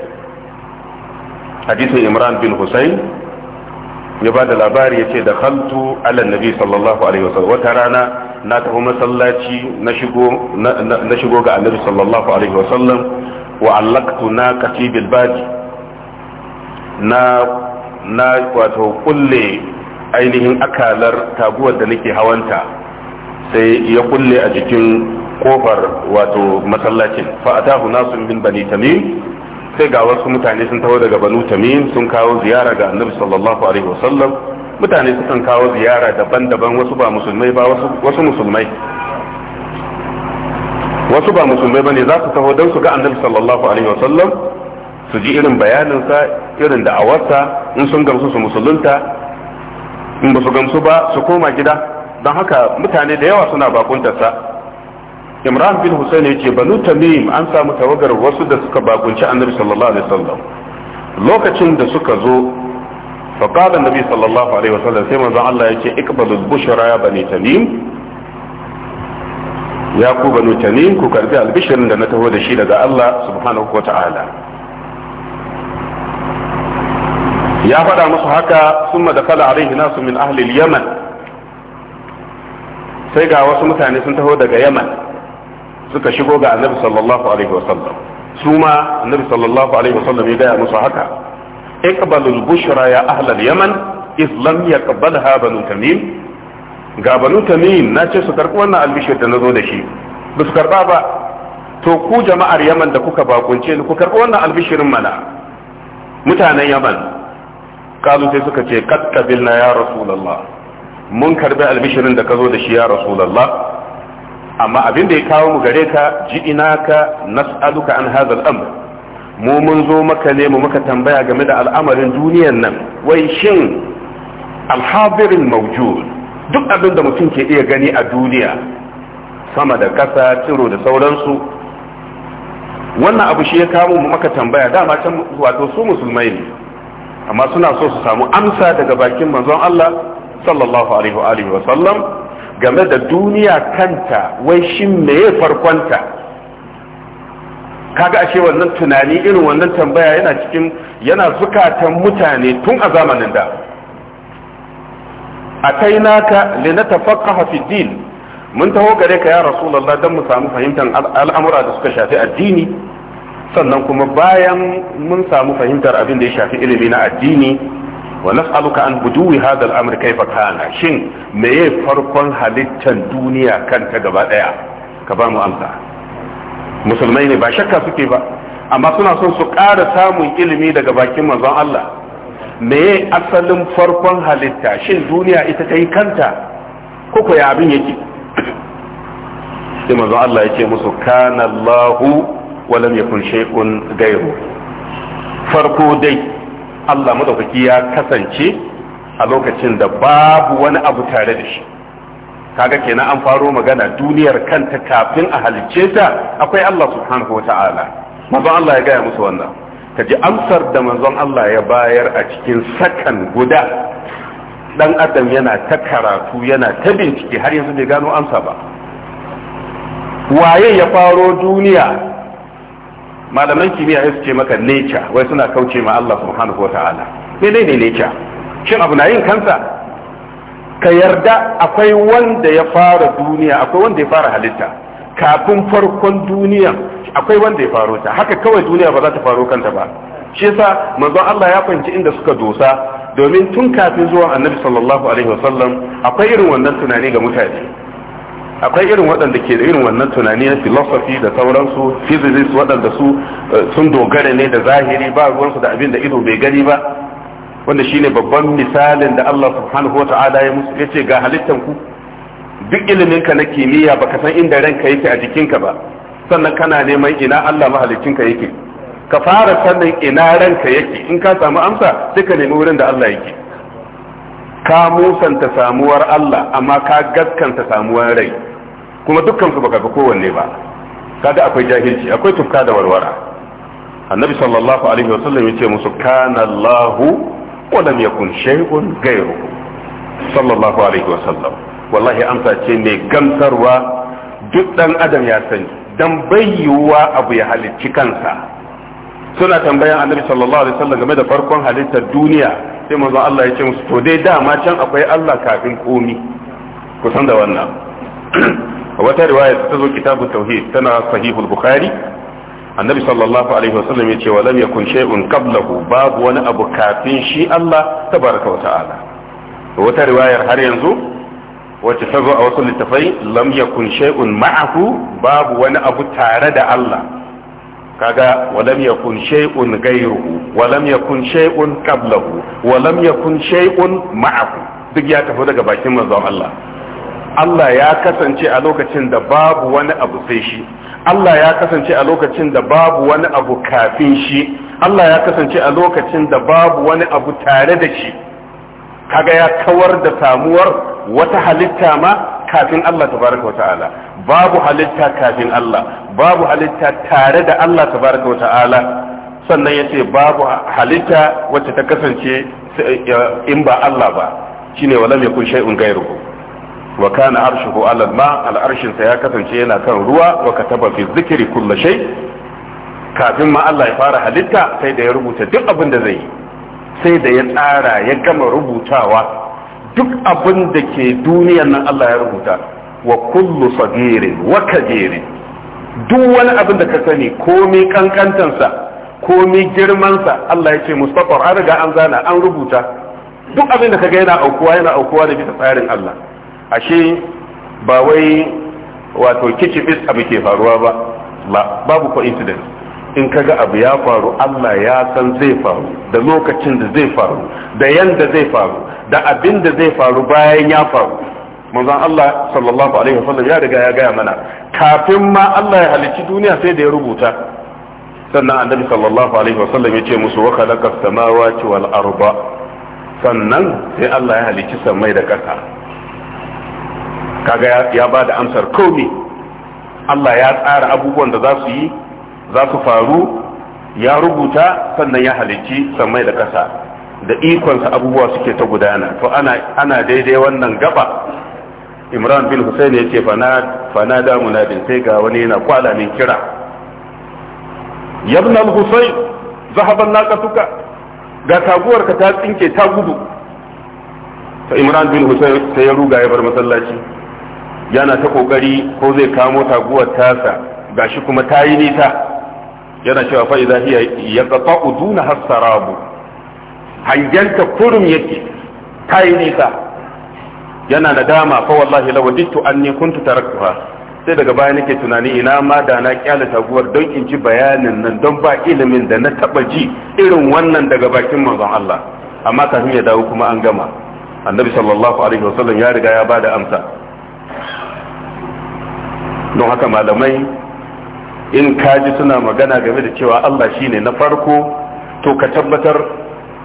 hadisin imran bin husayn ya ba da labari ya ce da khaltu ala nabi sallallahu alaihi wasallam wata rana na tafi masallaci na shigo ga annabi sallallahu alaihi wasallam wa allaqtu naqati bil baji na na wato kulle ainihin akalar taguwar da nake hawanta sai ya kulle a jikin kofar wato masallacin fa atahu nasun bin bani tamim sai ga wasu mutane sun taho daga banu tamim sun kawo ziyara ga annabi sallallahu alaihi wasallam mutane sukan kawo ziyara daban-daban wasu ba musulmai ba wasu musulmai wasu ba musulmai bane za su taho don su ga annabi sallallahu alaihi wasallam su ji irin bayaninsa irin da'awarsa in sun gamsu su musulunta in ba su gamsu ba su koma gida don haka mutane da yawa suna bakuntarsa imran bin husayn ya ce banu tamim an samu tawagar wasu da suka bakunci annabi sallallahu alaihi wasallam lokacin da suka zo فقال النبي صلى الله عليه وسلم سيما زعل الله يكي اقبلوا البشرى يا bani تميم ya ku banu tamim ku karbi albishirin da na taho da shi daga Allah subhanahu wa ta'ala ya faɗa musu haka sun madakala alaihi nasu min ahlil yaman sai ga wasu mutane sun taho daga yaman suka shigo ga annabi sallallahu alaihi wasallam su ma annabi sallallahu alaihi wasallam ya gaya musu haka iqbalul bushra ya ahlal yaman iz lam yaqbalha banu tamim ga banu tamim na ce su karɓi wannan albishir da nazo da shi ba su karɓa ba to ku jama'ar yaman da kuka bakunce ku karɓi wannan albishirin mana mutanen yaman kalu sai suka ce qad na ya rasulullah mun karbi albishirin da zo da shi ya rasulullah amma abin da ya kawo mu gare ka ji'inaka nas'aluka an hadha al-amr mu mun zo maka ne mu maka tambaya game da al'amarin duniyan nan wai shin alhadirin mawjud duk abin da mutum ke iya gani a duniya sama da ƙasa ciro da sauransu wannan abu shi ya kawo mu maka tambaya dama can wato su musulmai ne amma suna so su samu amsa daga bakin manzon Allah sallallahu alaihi wa alihi wa sallam game da duniya kanta wai shin ya farkonta kaga ashe wannan tunani irin wannan tambaya yana cikin yana zukatan mutane tun a zamanin da atainaka linatafaqqaha fi din mun taho gare ka ya rasulullah dan mu samu fahimtar al'amura da suka shafi addini sannan kuma bayan mun samu fahimtar abin da ya shafi ilimi na addini wa nas'aluka an buduwi hadal amr kaifa kana shin meye farkon halittar duniya kanta gaba daya ka ba mu amsa musulmai ne ba shakka suke ba amma suna son su ƙara samun ilimi daga bakin manzon Allah meye asalin farkon halitta shin duniya ita ta yi kanta ko ko ya abin yake sai manzon Allah yake musu kana Allahu walam يكن شيء غيره farko dai Allah madaukaki ya kasance a lokacin da babu wani abu tare da shi kaga kenan an faro magana duniyar kanta kafin a halicce ta akwai Allah subhanahu wata'ala manzon Allah ya gaya musu wannan ka ji amsar da manzon Allah ya bayar a cikin sakan guda dan adam yana ta karatu yana ta bincike har yanzu bai gano amsa ba waye ya faro duniya malaman kimiyya ya ce maka nature wai suna kauce ma Allah subhanahu wa ta'ala ne nature shin abu na yin kansa ka yarda akwai wanda ya fara duniya akwai wanda ya fara halitta kafin farkon duniya akwai wanda ya faro ta haka kawai duniya ba za ta faro kanta ba shi yasa manzon Allah ya fahimci inda suka dosa domin tun kafin zuwan annabi sallallahu alaihi wasallam akwai irin wannan tunani ga mutane akwai irin waɗanda ke da irin wannan tunani na filosofi da sauransu physicists waɗanda su eh, sun dogara ne da zahiri ba ruwansu da abin da ido bai gani ba wanda shine babban misalin da Allah subhanahu wa ya musu yace ga halittan ku duk ilimin ka na kimiyya baka san inda ranka yake a jikinka ba sannan kana neman ina Allah ka yake ka fara sannan ina ranka yake in ka samu amsa sai ka nemi wurin da Allah yake ka musanta samuwar Allah amma ka gaskanta samuwar rai kuma dukkan su baka ga kowanne ba kada akwai jahilci akwai tufka da warwara annabi sallallahu alaihi wasallam yace musu kana Allah wa lam yakun shay'un ghayru sallallahu alaihi wasallam wallahi amsa ce ne gamsarwa duk dan adam ya sani dan bayyuwa abu ya halicci kansa suna tambayan annabi sallallahu alaihi wasallam game da farkon halittar duniya sai manzo Allah ya ce musu to dai dama can akwai Allah kafin komi kusan da wannan wata riwaya ta zo kitabu tauhid tana sahihul bukhari annabi sallallahu alaihi wasallam ya ce wa lam yakun shay'un qablahu babu wani abu kafin shi Allah tabaraka wa ta'ala wata riwayar har yanzu wacce ta zo a wasu littafai lam yakun shay'un ma'ahu babu wani abu tare da Allah kaga walam yakun shay'un ghayruhu walam yakun shay'un qablahu walam yakun shay'un ma'ahu duk ya tafi daga bakin manzon Allah Allah ya kasance a lokacin da babu wani abu sai shi Allah ya kasance a lokacin da babu wani abu kafin shi Allah ya kasance a lokacin da babu wani abu tare da shi kaga ya kawar da samuwar wata halitta ma kafin Allah tabaraka wa ta'ala babu halitta kafin Allah babu halitta tare da Allah tabaraka wa ta'ala sannan yace babu halitta wacce ta kasance eh, in ba Allah ba shine walam yakun shay'un ghayruhu wa kana arshuhu ala ma al arshin sa ya kasance yana kan ruwa wa kataba fi dhikri kulli shay kafin ma Allah ya fara halitta sai da ya rubuta duk abin da zai yi sai da ya tsara ya gama rubutawa duk abin da ke duniyar nan Allah ya rubuta wa kullu sagirin wa kabirin duk wani abin da ka sani komai kankantansa komai girmansa Allah ya ce mustafar an riga an zana an rubuta duk abin da kaga yana aukuwa yana aukuwa da bisa tsarin Allah ashe ba wai wato kicibis abu ke faruwa ba la babu coincidence in kaga abu ya faru Allah ya san zai faru da lokacin da zai faru da yanda zai faru da abin da zai faru bayan ya faru manzon Allah sallallahu alaihi wasallam ya riga ya gaya mana kafin ma Allah ya halicci duniya sai da ya rubuta sannan annabi sallallahu alaihi wasallam ya ce musu wa khalaqa samawati wal arda sannan sai Allah ya halicci samai da ƙasa kaga ya ba da amsar komai Allah ya tsara abubuwan da za su yi za su faru ya rubuta sannan ya halicci samai da ƙasa da ikonsa abubuwa suke ta gudana to ana daidai wannan gaba imran bin Hussein ya ce fana da munadin sai ga wani yana kwala min kira yabna al-husayn zahaban naqatuka ga taguwarka ta tsinke ta gudu fa imran bin husayn sai ya ruga ya bar masallaci yana ta kokari ko zai kamo taguwar tasa gashi kuma ta yi nisa yana cewa fa idha hiya yaqta'u duna hasarabu hanjanta kurum yake ta yi nisa yana nadama fa wallahi law dittu anni kuntu taraktuha sai daga baya nake tunani ina ma da na kyale taguwar don in ji bayanin nan don ba ilimin da na taba ji irin wannan daga bakin manzon Allah amma kafin ya dawo kuma an gama annabi sallallahu alaihi wasallam ya riga ya ba da amsa don haka malamai in kaji suna magana game da cewa Allah shine na farko to ka tabbatar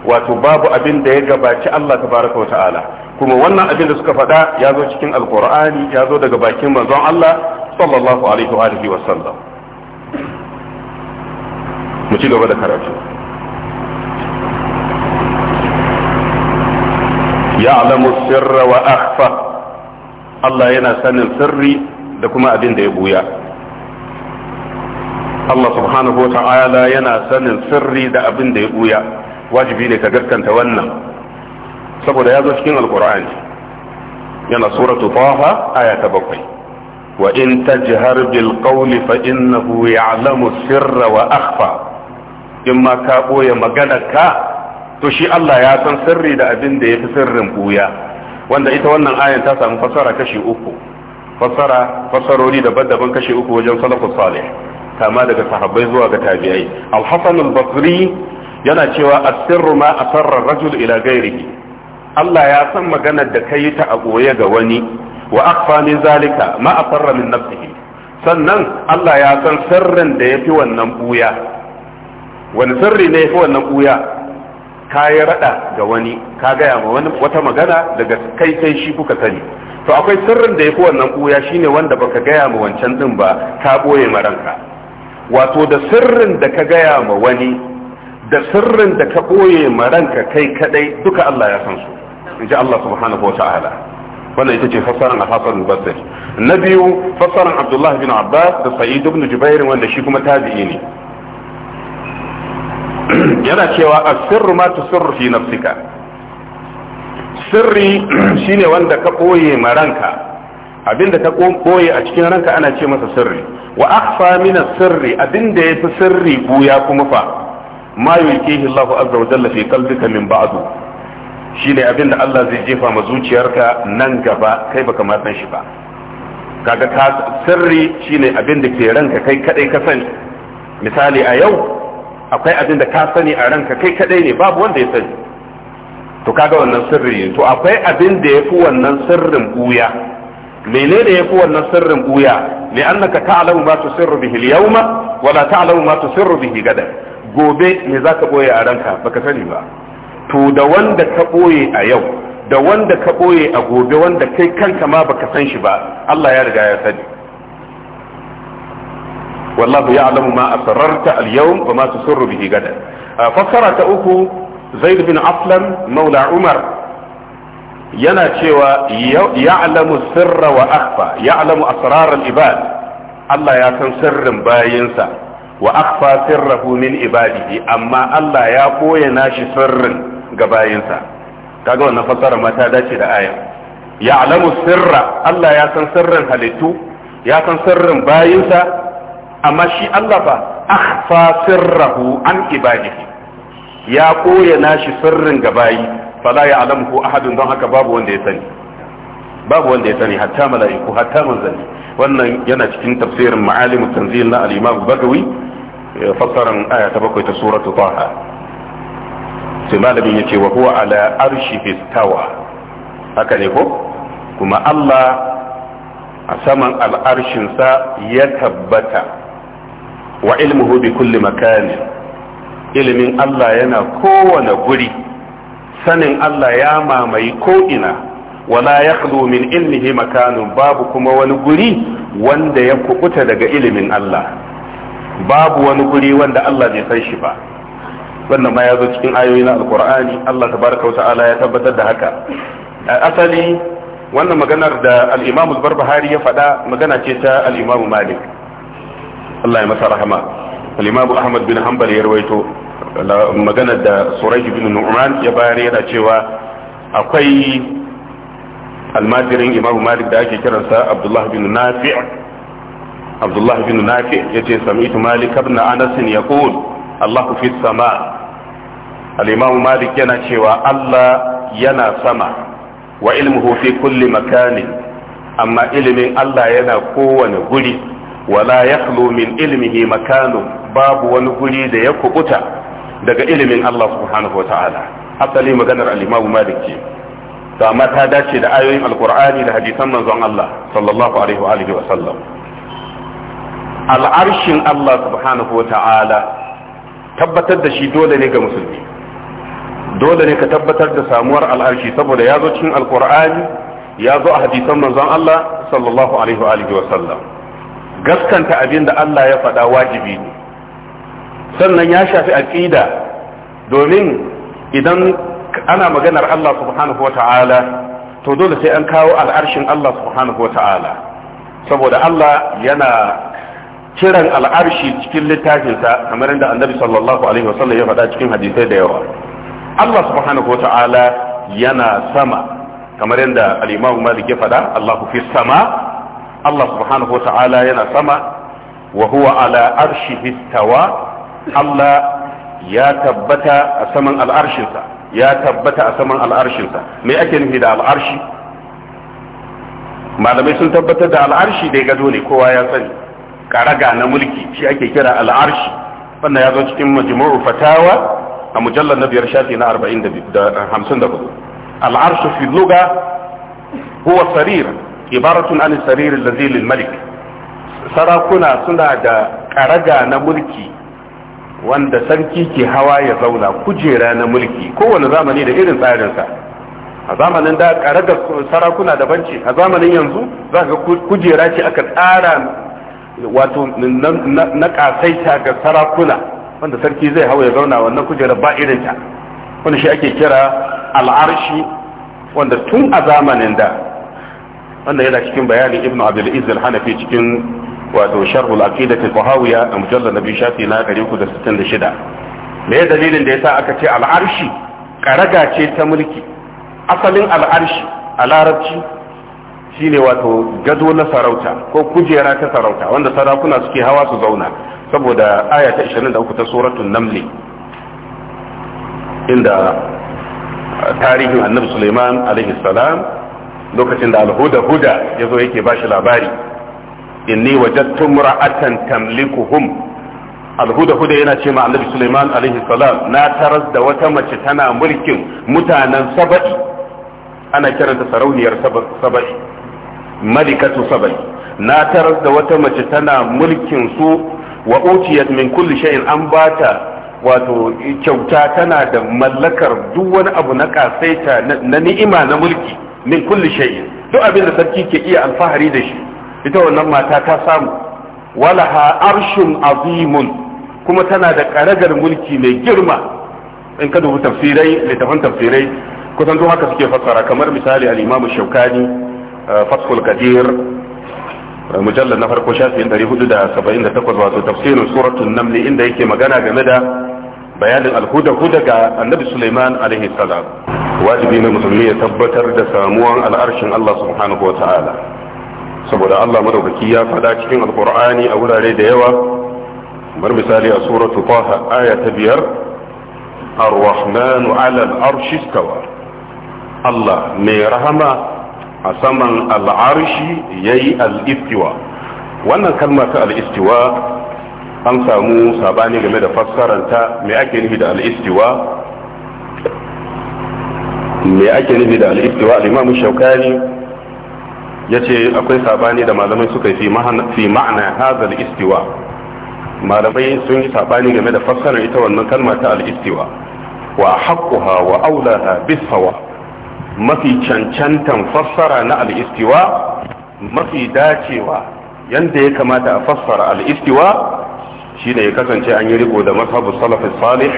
wato babu abin da ya gabaci Allah tabaraka wa ta'ala kuma wannan abin da suka faɗa ya zo cikin alkur'ani ya zo daga bakin manzon Allah sallallahu alaihi wa alihi wa mu ci gaba da karatu ya'lamu sirra wa akhfa Allah yana sanin sirri da kuma abin da ya buya Allah subhanahu wa ta'ala yana sanin sirri da abin da ya buya wajibi ne ka gaskanta wannan saboda ya zo cikin alkur'ani yana suratu taha aya ta bakwai wa in tajhar bil qawli fa innahu ya'lamu sirra wa akhfa in ma ka boye maganar ka to shi Allah ya san sirri da abin da yafi sirrin buya wanda ita wannan ayan ta samu fasara kashi uku fasara fasarori daban-daban kashi uku wajen salafus salih kama daga sahabbai zuwa ga tabi'ai al-hasan al-basri yana cewa sirru ma asarra rajul ila ghairihi Allah ya san maganar da kai ta a goye ga wani wa akfa min zalika ma asarra min nafsihi sannan Allah ya san sirrin da yafi wannan buya wani sirri ne yafi wannan buya ka yi rada ga wani ka gaya ma wani wata magana daga kai sai shi kuka sani to akwai sirrin da yafi wannan buya shine wanda baka gaya ma wancan din ba ka boye maranka wato da sirrin da ka gaya ma wani da sirrin da ka ɓoye ma ranka kai kadai duka Allah ya san su in ji Allah subhanahu wa ta'ala wannan ita ce fassarar a hasan al na biyu fassarar Abdullah bin Abbas da Sa'id ibn Jubair wanda shi kuma tabi'i ne yana cewa asirru ma tusirru fi nafsika sirri shine wanda ka koye ma ranka abinda ka koye a cikin ranka ana ce masa sirri wa akhfa min sirri abinda yafi sirri buya kuma fa ma yukihi Allahu azza wa jalla fi qalbika min ba'du Shi ne abin da Allah zai jefa ma zuciyarka nan gaba kai baka ma san shi ba kaga ka sirri ne abin da ke ranka kai kadai ka sani misali a yau akwai abin da ka sani a ranka kai kadai ne babu wanda ya sani to kaga wannan sirri ne to akwai abin da yafi wannan sirrin buya menene yafi wannan sirrin buya ne annaka ta'lamu ma tusirru bihi al-yawma wala ta'lamu ma tusirru bihi gada gobe me zaka boye a ranka baka sani ba to da wanda ka ɓoye a yau da wanda ka ɓoye a gobe wanda kai kanka ma baka san shi ba Allah ya riga ya sani wallahu ya'lamu ma asrarta al-yawm wa ma tusirru bihi gadan fassara ta uku zaid bin aslam maula umar yana cewa ya'lamu sirra wa akhfa ya'lamu asrar al-ibad Allah ya san sirrin bayinsa wa akhfa sirrahu min ibadihi amma Allah ya koya nashi sirrin ga bayinsa kaga wannan fassara ma ta dace da ayan alamu sirra Allah ya san sirrin halittu ya san sirrin bayinsa amma shi Allah fa akhfa sirrahu an ibadihi ya koya nashi sirrin ga bayi fala ya'lamuhu ahadun don haka babu wanda ya sani babu wanda ya sani hatta mala'iku hatta manzanni wannan yana cikin tafsirin ma'alimut tanzil na al-imam bagawi eh, fassaran aya ta bakwai ta suratu taha sai malamin ya ce wa huwa ala arshi istawa haka ne ko kuma Allah a saman al'arshinsa ya tabbata wa ilmuhu bi kulli makani ilimin Allah yana kowane guri sanin Allah ya mamaye ina wala ya min ilmihi makanun babu kuma wani guri wanda ya kubuta daga ilimin Allah babu wani guri wanda Allah bai san shi ba wannan ma ya zo cikin ayoyi na alkur'ani Allah tabaraka baraka ta'ala ya tabbatar da haka asali wannan maganar da al-Imam al ya faɗa magana ce ta al'imamu Malik Allah ya masa rahama al Ahmad bin Hanbal ya rawaito maganar da Surayj bin Nu'man ya bayar yana cewa akwai almajirin imamu Malik da ake kiransa Abdullah bin Nafi' عبد الله بن نافع يتي سمعت مالك ya أنس allah ku fi sama. al malik yana cewa Allah yana sama wa ilmuhu fi kulli makani amma ilimin Allah yana kowane guri wala yakhlu min ilmihi makanu babu wani guri da ya kubuta daga ilimin Allah subhanahu wataala asali maganar al-imam malik ce to amma ta dace da ayoyin alkur'ani da hadisan manzon Allah sallallahu alaihi wa alihi wa sallam al'arshin Allah subhanahu wa ta'ala tabbatar da shi dole ne ga musulmi dole ne ka tabbatar da samuwar al'arshi saboda ya zo cikin alkur'ani ya zo a hadisan manzon Allah sallallahu alaihi wa alihi wa sallam gaskanta abin da Allah ya faɗa wajibi ne sannan ya shafi aqida domin idan ana maganar Allah subhanahu wa ta'ala to dole sai an kawo al'arshin Allah subhanahu wa ta'ala saboda Allah yana kiran al'arshi cikin littafinsa kamar yadda annabi sallallahu alaihi wa sallam ya faɗa cikin hadisai da yawa Allah subhanahu ta'ala yana sama kamar yadda al-Imam Malik ya faɗa Allah fi sama Allah subhanahu yana sama wa huwa ala arshihi Allah ya tabbata a saman al'arshinsa ya tabbata a saman al'arshinsa me ake nufi da al'arshi malamai sun tabbatar da al'arshi dai gado ne kowa ya sani karaga na mulki shi ake kira al'arshi wannan ya zo cikin majmu'u fatawa a mujallar na biyar shafi na arba'in da da hamsin 54 al'arshu fi luga huwa sarir ibaratun an sarir lazilin malik sarakuna suna da karaga na mulki wanda sarki ke hawa ya zauna kujera na mulki kowane zamani da irin tsarinsa a zamanin da karaga sarakuna da banci, a zamanin yanzu za ga kujera ce aka tsara wato na kasaita ga sarakuna wanda sarki zai hau ya zauna wannan kujerar ba irin ta wanda shi ake kira al'arshi wanda tun a zamanin da wanda yana cikin bayanin ibnu abdul izz al-hanafi cikin wato sharh al-aqidah al-tahawiyya a mujallal nabi shafi na 366 me dalilin da yasa aka ce al'arshi karaga ce ta mulki asalin al'arshi a larabci shine wato gado na sarauta ko kujera ta sarauta wanda sarakuna suke hawa su zauna saboda aya ta 23 ta suratun naml inda tarihin annabi Suleiman alaihi salam lokacin da alhuda huda zo yake bashi labari inni wajadtu ra'atan tamlikuhum alhuda huda yana ce ma annabi Suleiman alaihi salam na taras da wata mace tana mulkin mutanen saba'i ana kiranta sarauniyar saba'i malikatu saba'i na taras da wata mace tana mulkin su wa utiyat min kulli shay'in an bata wato kyauta tana da mallakar duk wani abu na kasaita na ni'ima na mulki min kulli shay'in duk abin da sarki ke iya alfahari da shi ita wannan mata ta samu walaha arshun azimun kuma tana da karagar mulki mai girma in ka dubi tafsirai littafin tafsirai kusan duk haka suke fassara kamar misali al-imam shaukani uh, fathul kadir mujallar na farko shafin 478 wato tafsirin suratul namli inda yake magana game da bayanin alhuda huda ga annabi Suleiman alaihi salam wajibi na musulmi ya tabbatar da samuwan al'arshin Allah subhanahu wa ta'ala saboda Allah madaukaki ya faɗa cikin Alkur'ani a wurare da yawa bar misali a suratul taha aya ta biyar ar-rahmanu arshi Allah mai rahama a saman al'arshi ya yi al'istiwa wannan kalma ta al'istiwa an samu sabani game da fassaranta mai ake nufi da al'istiwa mai ake nufi da al'istiwa al'imamu shaukari ya ce akwai sabani da malamai suka fi ma'ana haza al'istiwa malamai sun yi sabani game da fassarar ita wannan kalma ta al'istiwa wa haƙuha wa aulaha bis hawa mafi cancantan fassara na al'istiwa mafi dacewa yadda ya kamata a fassara al'istiwa shine ya kasance an yi riko da mazhabu salafin salih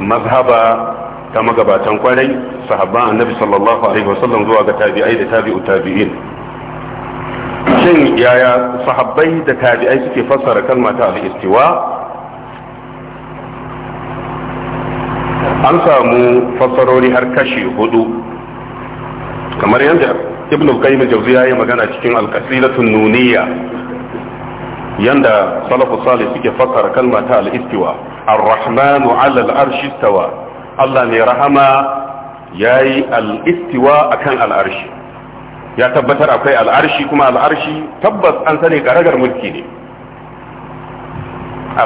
mazhaba ta magabatan kwarai sahabban annabi sallallahu alaihi wasallam zuwa ga tabi'ai da tabi'u tabi'in shin yaya sahabbai da tabi'ai suke fassara kalma ta al'istiwa an samu fassarori har kashi hudu kamar yadda ibn al-qayyim al-jawziya ya magana cikin al-qasidatu nuniyya yanda salafu salih suke fassara kalma ta al-istiwa ar-rahmanu 'ala al-arshi istawa Allah ne rahama yayi al-istiwa akan al-arshi ya tabbatar akwai al-arshi kuma al-arshi tabbas an sani karagar mulki ne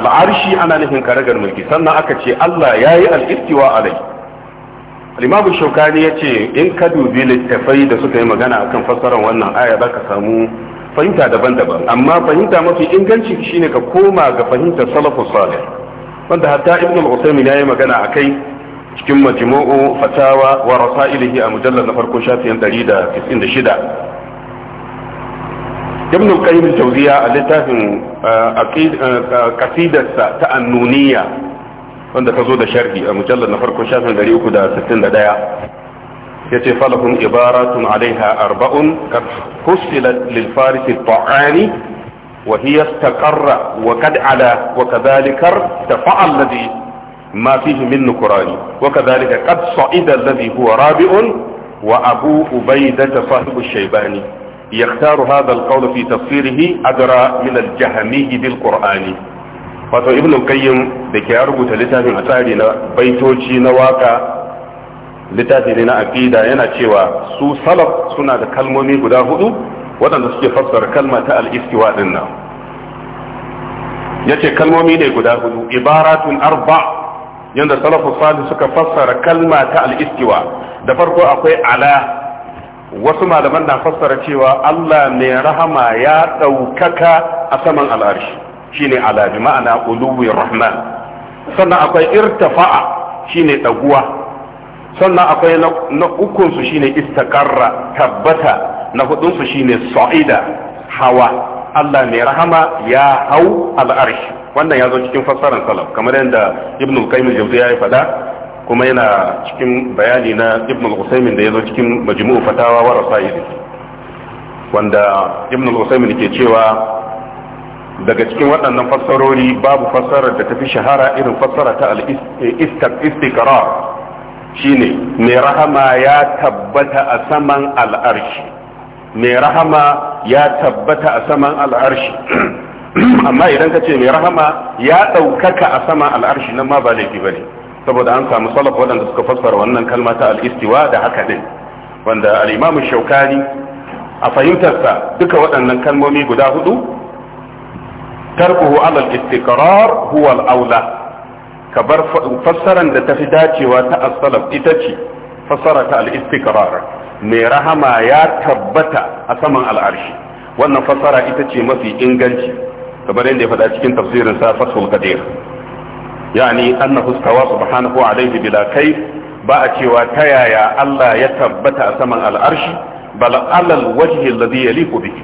al-arshi ana nufin karagar mulki sannan aka ce Allah yayi al-istiwa alai limamu shaukani ya ce in ka dubi littafai da suka yi magana a kan fassarar wannan aya za ka samu fahimta daban-daban amma fahimta mafi inganci shine ka koma ga fahimtar salafus salih wanda hatta ibn al-usaymin yi magana a kai cikin majmu'u fatawa wa rasailihi a mujallar na farko shafin 196 ibn al-qayyim al-jawziya a littafin uh, uh, uh, qasidarsa ta annuniya wanda ta zo da sharhi a mujallar na farko shafin 361 yace falahum ibaratun alaiha arba'un kad husila lil faris taani wa hiya istaqarra wa kad ala wa kadhalika tafa'a alladhi ma fihi min nukrani wa kadhalika kad sa'ida alladhi huwa rabi'un wa abu ubaydah sahibu shaybani يختار هذا القول في تفسيره أدرى من الجهمي بالقرآن wato ibn qayyim da ke ya rubuta littafin a tsari na baitoci na waka littafi ne na aqida yana cewa su salaf suna da kalmomi guda hudu waɗanda suke fassara kalma ta al-istiwa din nan yace kalmomi ne guda hudu ibaratun arba yanda salafus salih suka fassara kalma ta al-istiwa da farko akwai ala wasu malaman na fassara cewa Allah mai rahama ya ɗaukaka a saman al'arshi shine ala bi ma'ana uluwi rahman sannan akwai irtafa'a shine daguwa sannan akwai na ukun su shine istaqarra tabbata na hudun su shine sa'ida hawa Allah mai rahama ya hau al'arshi wannan ya zo cikin fassarar salaf kamar yadda ibn al-qayyim al ya yi fada kuma yana cikin bayani na ibn al-usaymin da ya zo cikin majmu'u fatawa wa rasail wanda ibn al-usaymin ke cewa daga cikin waɗannan fassarori babu fassarar da tafi shahara irin fassara ta al shi shine mai rahama ya tabbata a saman al'arshi mai rahama ya tabbata a saman al'arshi amma idan ka ce mai rahama ya ɗaukaka a saman al'arshi nan ma ba laifi ba ne saboda an samu salaf waɗanda suka fassara wannan kalma ta al'istiwa da haka ɗin wanda al'imamu shaukani a fahimtarsa duka waɗannan kalmomi guda hudu tarkuhu alal istiqrar huwa al-aula ka bar fassaran da tafi dacewa ta as-salaf ita ce fassara ta al-istiqrar mai rahama ya tabbata a saman al'arshi wannan fassara ita ce mafi inganci kamar yadda ya faɗa cikin tafsirin sa fasul qadir yani annahu istawa subhanahu alayhi bila kayf ba a cewa ta yaya Allah ya tabbata a saman al'arshi bal alal wajhi alladhi yaliqu bihi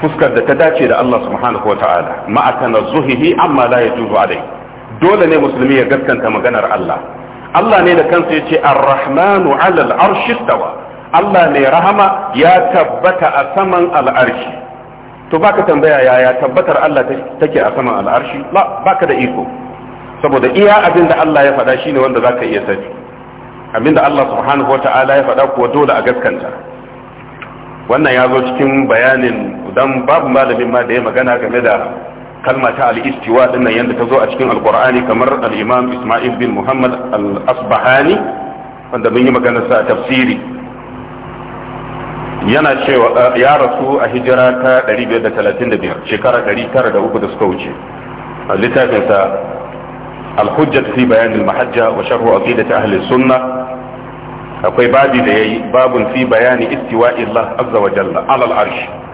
fuskar da ta dace da Allah subhanahu wa ta'ala ma'a tanazzuhihi amma la yajuzu alai dole ne musulmi ya gaskanta maganar Allah Allah ne da kansa yace ar-rahmanu 'ala al-arshi stawa Allah ne rahama ya tabbata a saman al'arshi to baka tambaya ya tabbatar Allah take a saman al'arshi la baka da iko saboda iya abin da Allah ya faɗa shine wanda zaka iya sani abin da Allah subhanahu wa ta'ala ya faɗa kuwa dole a gaskanta wannan ya zo cikin bayanin dan babu malamin ma da ya magana game da kalma ta al-istiwa din yanda ta zo a cikin alqur'ani kamar al-imam isma'il bin muhammad al-asbahani wanda mun yi magana sa tafsiri yana cewa ya rasu a hijira ta 535 shekara 903 da suka wuce littafin sa al-hujjat fi bayan al-mahajja wa sharh aqidat ahli sunnah akwai babi da yayi babun fi bayani istiwa illah azza wa jalla ala al-arsh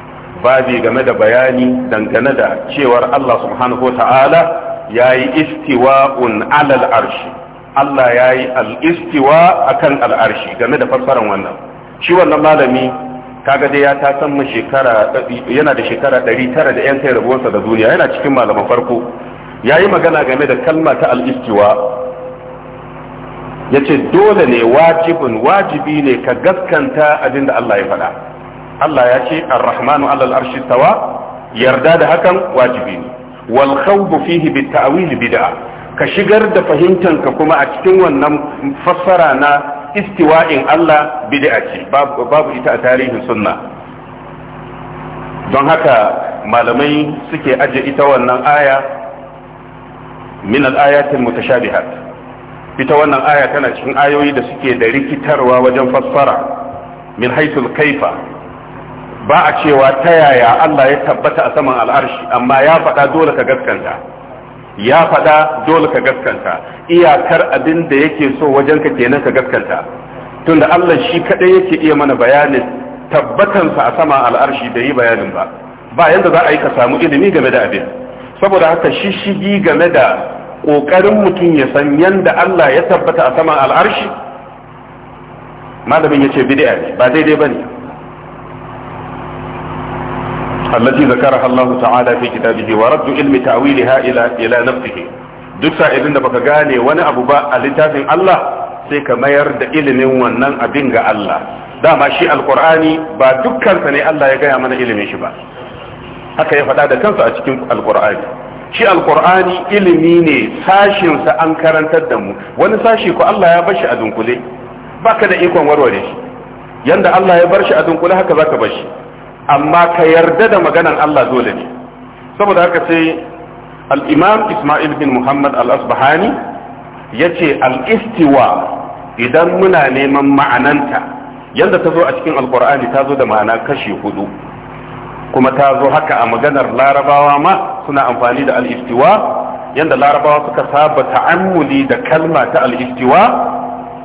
babi game da bayani dangane da cewar Allah subhanahu wata'ala ya yi istiwa'un alal arshi Allah ya yi al'istiwa a kan al'arshi game da fassarar wannan shi wannan malami kaga dai ya ta san shekara yana da shekara 900 da yan kai rabuwarsa da duniya yana cikin malaman farko ya yi magana game da kalma ta al'istiwa ya ce dole ne wajibin wajibi ne ka gaskanta abin da Allah ya faɗa Allah ya ce ar-rahmanu alal arshi tawa yarda da hakan wajibi ne wal khawdu fihi bit ta'wil bid'a ka shigar da fahimtanka kuma a cikin wannan fassara na istiwa'in Allah bid'a ce babu ita a tarihin sunna don haka malamai suke aje ita wannan aya min al-ayatil mutashabihat ita wannan aya tana cikin ayoyi da suke da rikitarwa wajen fassara min haisul kaifa ba a cewa ta yaya Allah ya tabbata a saman al'arshi amma ya faɗa dole ka gaskanta ya faɗa dole ka gaskanta iyakar abin da yake so wajen ka kenan ka gaskanta tunda Allah shi kaɗai yake iya mana bayanin tabbatansa a saman al'arshi da yi bayanin ba ba yanda za a yi ka samu ilimi game da abin saboda haka shi shigi game da ƙoƙarin mutum ya san yadda Allah ya tabbata a saman al'arshi malamin ya ce bid'a ne ba daidai ba ne allati zakaraha Allah ta'ala fi kitabihi wa raddu ilmi ta'wiliha ila ila nafsihi duk sa'ilin da baka gane wani abu ba a littafin Allah sai ka mayar da ilimin wannan abin ga Allah dama shi alqur'ani ba dukkansa ne Allah ya gaya mana ilimin shi ba haka ya faɗa da kansa a cikin alqur'ani shi alkur'ani ilimi ne sashinsa an karantar da mu wani sashi ko Allah ya bar shi a dunkule baka da ikon warware shi yanda Allah ya bar shi a dunkule haka zaka bar shi amma ka yarda da maganan Allah dole ne saboda haka sai al-imam Ismail bin Muhammad alasbahani ya ce al-istiwa idan muna neman ma'ananta yanda ta zo a cikin alƙur'ani ta zo da ma'ana kashi hudu kuma ta zo haka a maganar larabawa ma suna amfani da al'istiwa yadda yanda larabawa suka saba ta'ammuli da kalma ta al'istiwa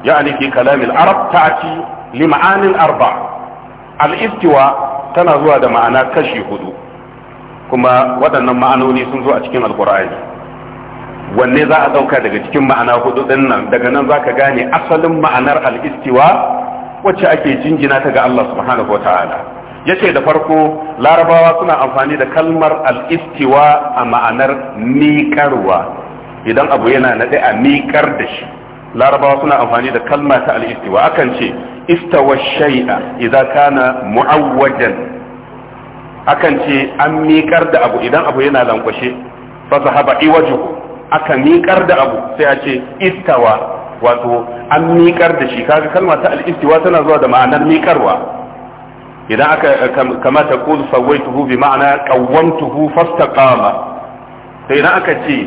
ya'ani fi kalam al-arab ci li ma'anin arba al-istiwa tana zuwa da ma'ana kashi hudu kuma waɗannan ma'anoni sun zo a cikin alkur'ani wanne za a ɗauka daga cikin ma'ana hudu ɗin nan daga nan za ka gane asalin ma'anar al'istiwa wacce ake jinjina ta ga Allah subhanahu wata'ala ce da farko larabawa suna amfani da kalmar al'istiwa a ma'anar miƙarwa idan abu yana naɗe a miƙar da shi larabawa suna amfani da kalma ta al-istiwa akan ce istawa shay'a idza kana mu'awwajan akan ce an miƙar da abu idan abu yana lankwashe fa sahaba iwajuhu aka miƙar da abu sai a ce istawa wato an miƙar da shi kaga kalma ta al tana zuwa da ma'anar miƙarwa idan aka kamata ta kuzu sawaituhu bi ma'ana qawwamtuhu fastaqama sai idan aka ce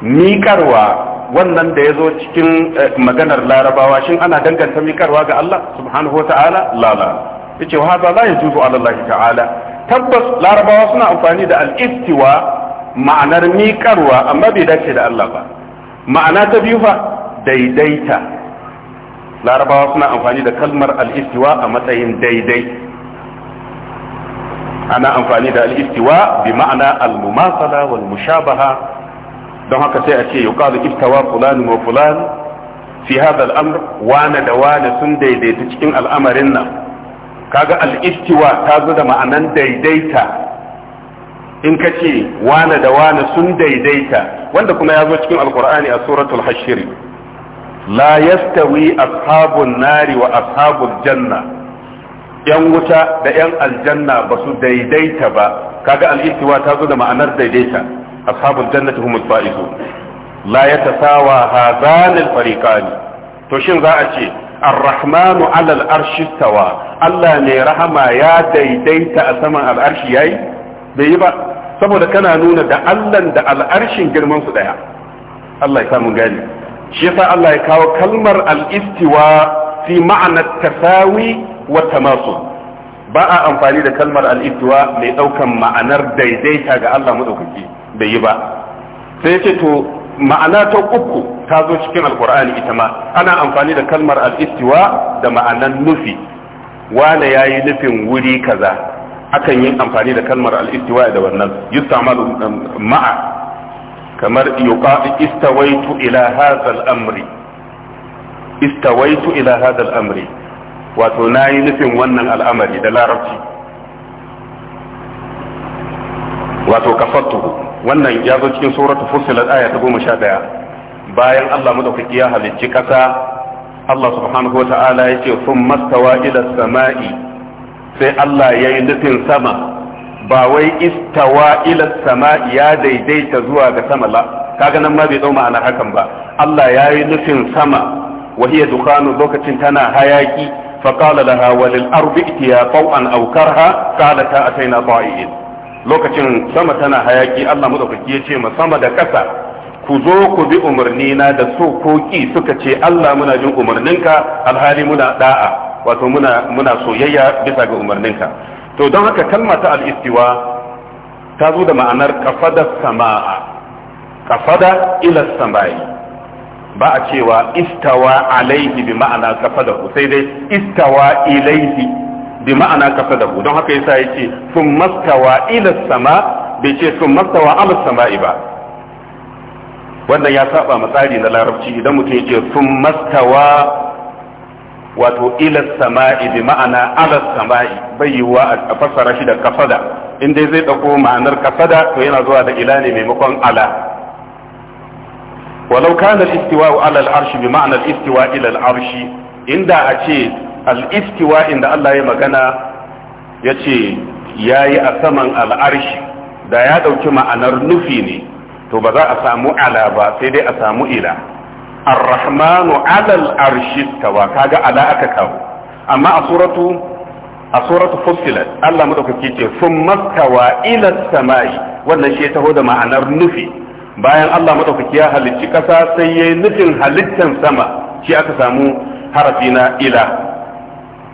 miƙarwa wannan da ya zo cikin eh, maganar larabawa shin ana danganta miƙarwa ga Allah subhanahu wa ta'ala lala yace wa la yajuzu ala Allah ta'ala tabbas larabawa suna amfani da al'istiwa ma'anar miƙarwa amma bai dace da Allah ba ma'ana ta biyu fa daidaita larabawa suna amfani da kalmar al'istiwa a matsayin daidai ana amfani da al'istiwa bi ma'ana al-mumasala wal mushabaha don haka sai a ce yuqalu iftawa fulani wa fulan fi hadha al-amr wana da wana sun daidaita cikin al'amarin nan kaga al-istiwa ta zo da ma'anan daidaita in ka ce wana da wana sun daidaita wanda kuma ya zo cikin alqur'ani a suratul hashir la yastawi ashabun nari wa ashabul janna yan wuta da yan aljanna ba su daidaita ba kaga al-istiwa ta zo da ma'anar daidaita ashabul jannati humul faizun la yatasawa hadhan al fariqan to shin za a ce ar-rahmanu ala al-arshi tawa Allah ne rahama ya daidaita a saman al-arshi yayi bai yi ba saboda kana nuna da Allah da al-arshin girman su daya Allah ya samu gani shi yasa Allah ya kawo kalmar al-istiwa fi ma'anar tasawi wa ba a amfani da kalmar al mai daukan ma'anar daidaita ga Allah madaukaki bai yi ba sai ce to ma'ana ta uku ta zo cikin alkur'ani ita ma ana amfani da kalmar al'istiwa da ma'anan nufi wane yi nufin wuri kaza akan yi amfani da kalmar al'istiwa da wannan yustamalu um, ma'a kamar yuqa istawaitu ila hadha al istawaitu ila hadha al-amri wato nayi nufin wannan al'amari da larabci wato kafattuhu wannan ya zo cikin suratul fussilat aya ta ɗaya. bayan Allah madaukaki ya halicci kasa Allah subhanahu wa ta'ala ya ce sun mastawa ila sama'i sai Allah ya yi nufin sama ba wai istawa ila sama'i ya daidaita zuwa ga sama la kaga nan ma bai dau ma'ana hakan ba Allah ya yi nufin sama wa hiya dukhanu lokacin tana hayaki fa qala laha walil ardi itiya taw'an aw karha qalat ataina ta'in lokacin sama tana hayaki Allah madaukaki ya ce ma sama da ƙasa ku zo ku bi umarni na da so ko ƙi, suka ce Allah muna jin umarninka alhali muna da'a wato muna muna soyayya bisa ga umarninka to don haka kalma ta al-istiwa ta zo da ma'anar kafada sama'a kafada ila samai ba a cewa istawa alaihi bi ma'ana kafada sai dai istawa ilaihi bi ma'ana kasa da don haka yasa yake sun mastawa ila sama bai ce sun mastawa ala sama'i ba wannan ya saba matsari na larabci idan mutum yake sun mastawa wato ila sama'i bi ma'ana ala sama'i bai yiwuwa a fassara shi da kasada in dai zai dauko ma'anar kasada to yana zuwa da ila ne maimakon ala ولو كان الاستواء على العرش بمعنى الاستواء إلى العرش inda a ce al-istiwa inda Allah ya magana ya ce ya yi a saman al'arshi da ya ɗauki ma'anar nufi ne to ba za a samu ala ba sai dai a samu ila ar-rahmanu alal arshi tawa kaga ala aka kawo amma a suratu a suratu fussilat Allah madaukaki ce sun mastawa ila samai wannan shi ya taho da ma'anar nufi bayan Allah madaukaki ya halicci kasa sai yi nufin halittan sama shi aka samu harafi na ila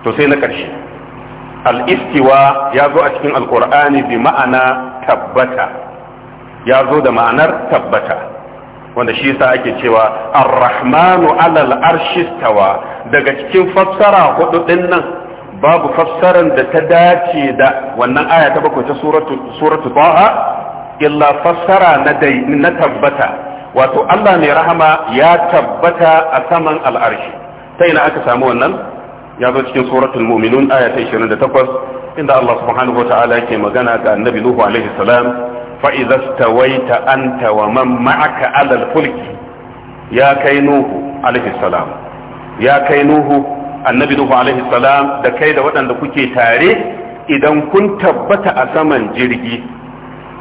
to sai na ƙarshe al'istiwa ya zo a cikin alƙur'ani bi ma'ana tabbata ya zo da ma'anar tabbata wanda shi sa ake cewa ar-rahmanu alal arshistawa daga cikin fassara hudu ɗin nan babu fassaran da ta dace da wannan aya ta bakwai ta suratu suratu illa fassara na na tabbata wato Allah mai rahama ya tabbata a saman al'arshi ta ina aka samu wannan ya zo cikin suratul mu'minun aya ta 28 inda Allah subhanahu wata'ala yake magana ga annabi Nuhu alaihi salam fa idza stawaita anta wa man ma'aka alal fulki ya kai Nuhu alaihi salam ya kai Nuhu annabi Nuhu alaihi salam da kai da waɗanda kuke tare idan kun tabbata a saman jirgi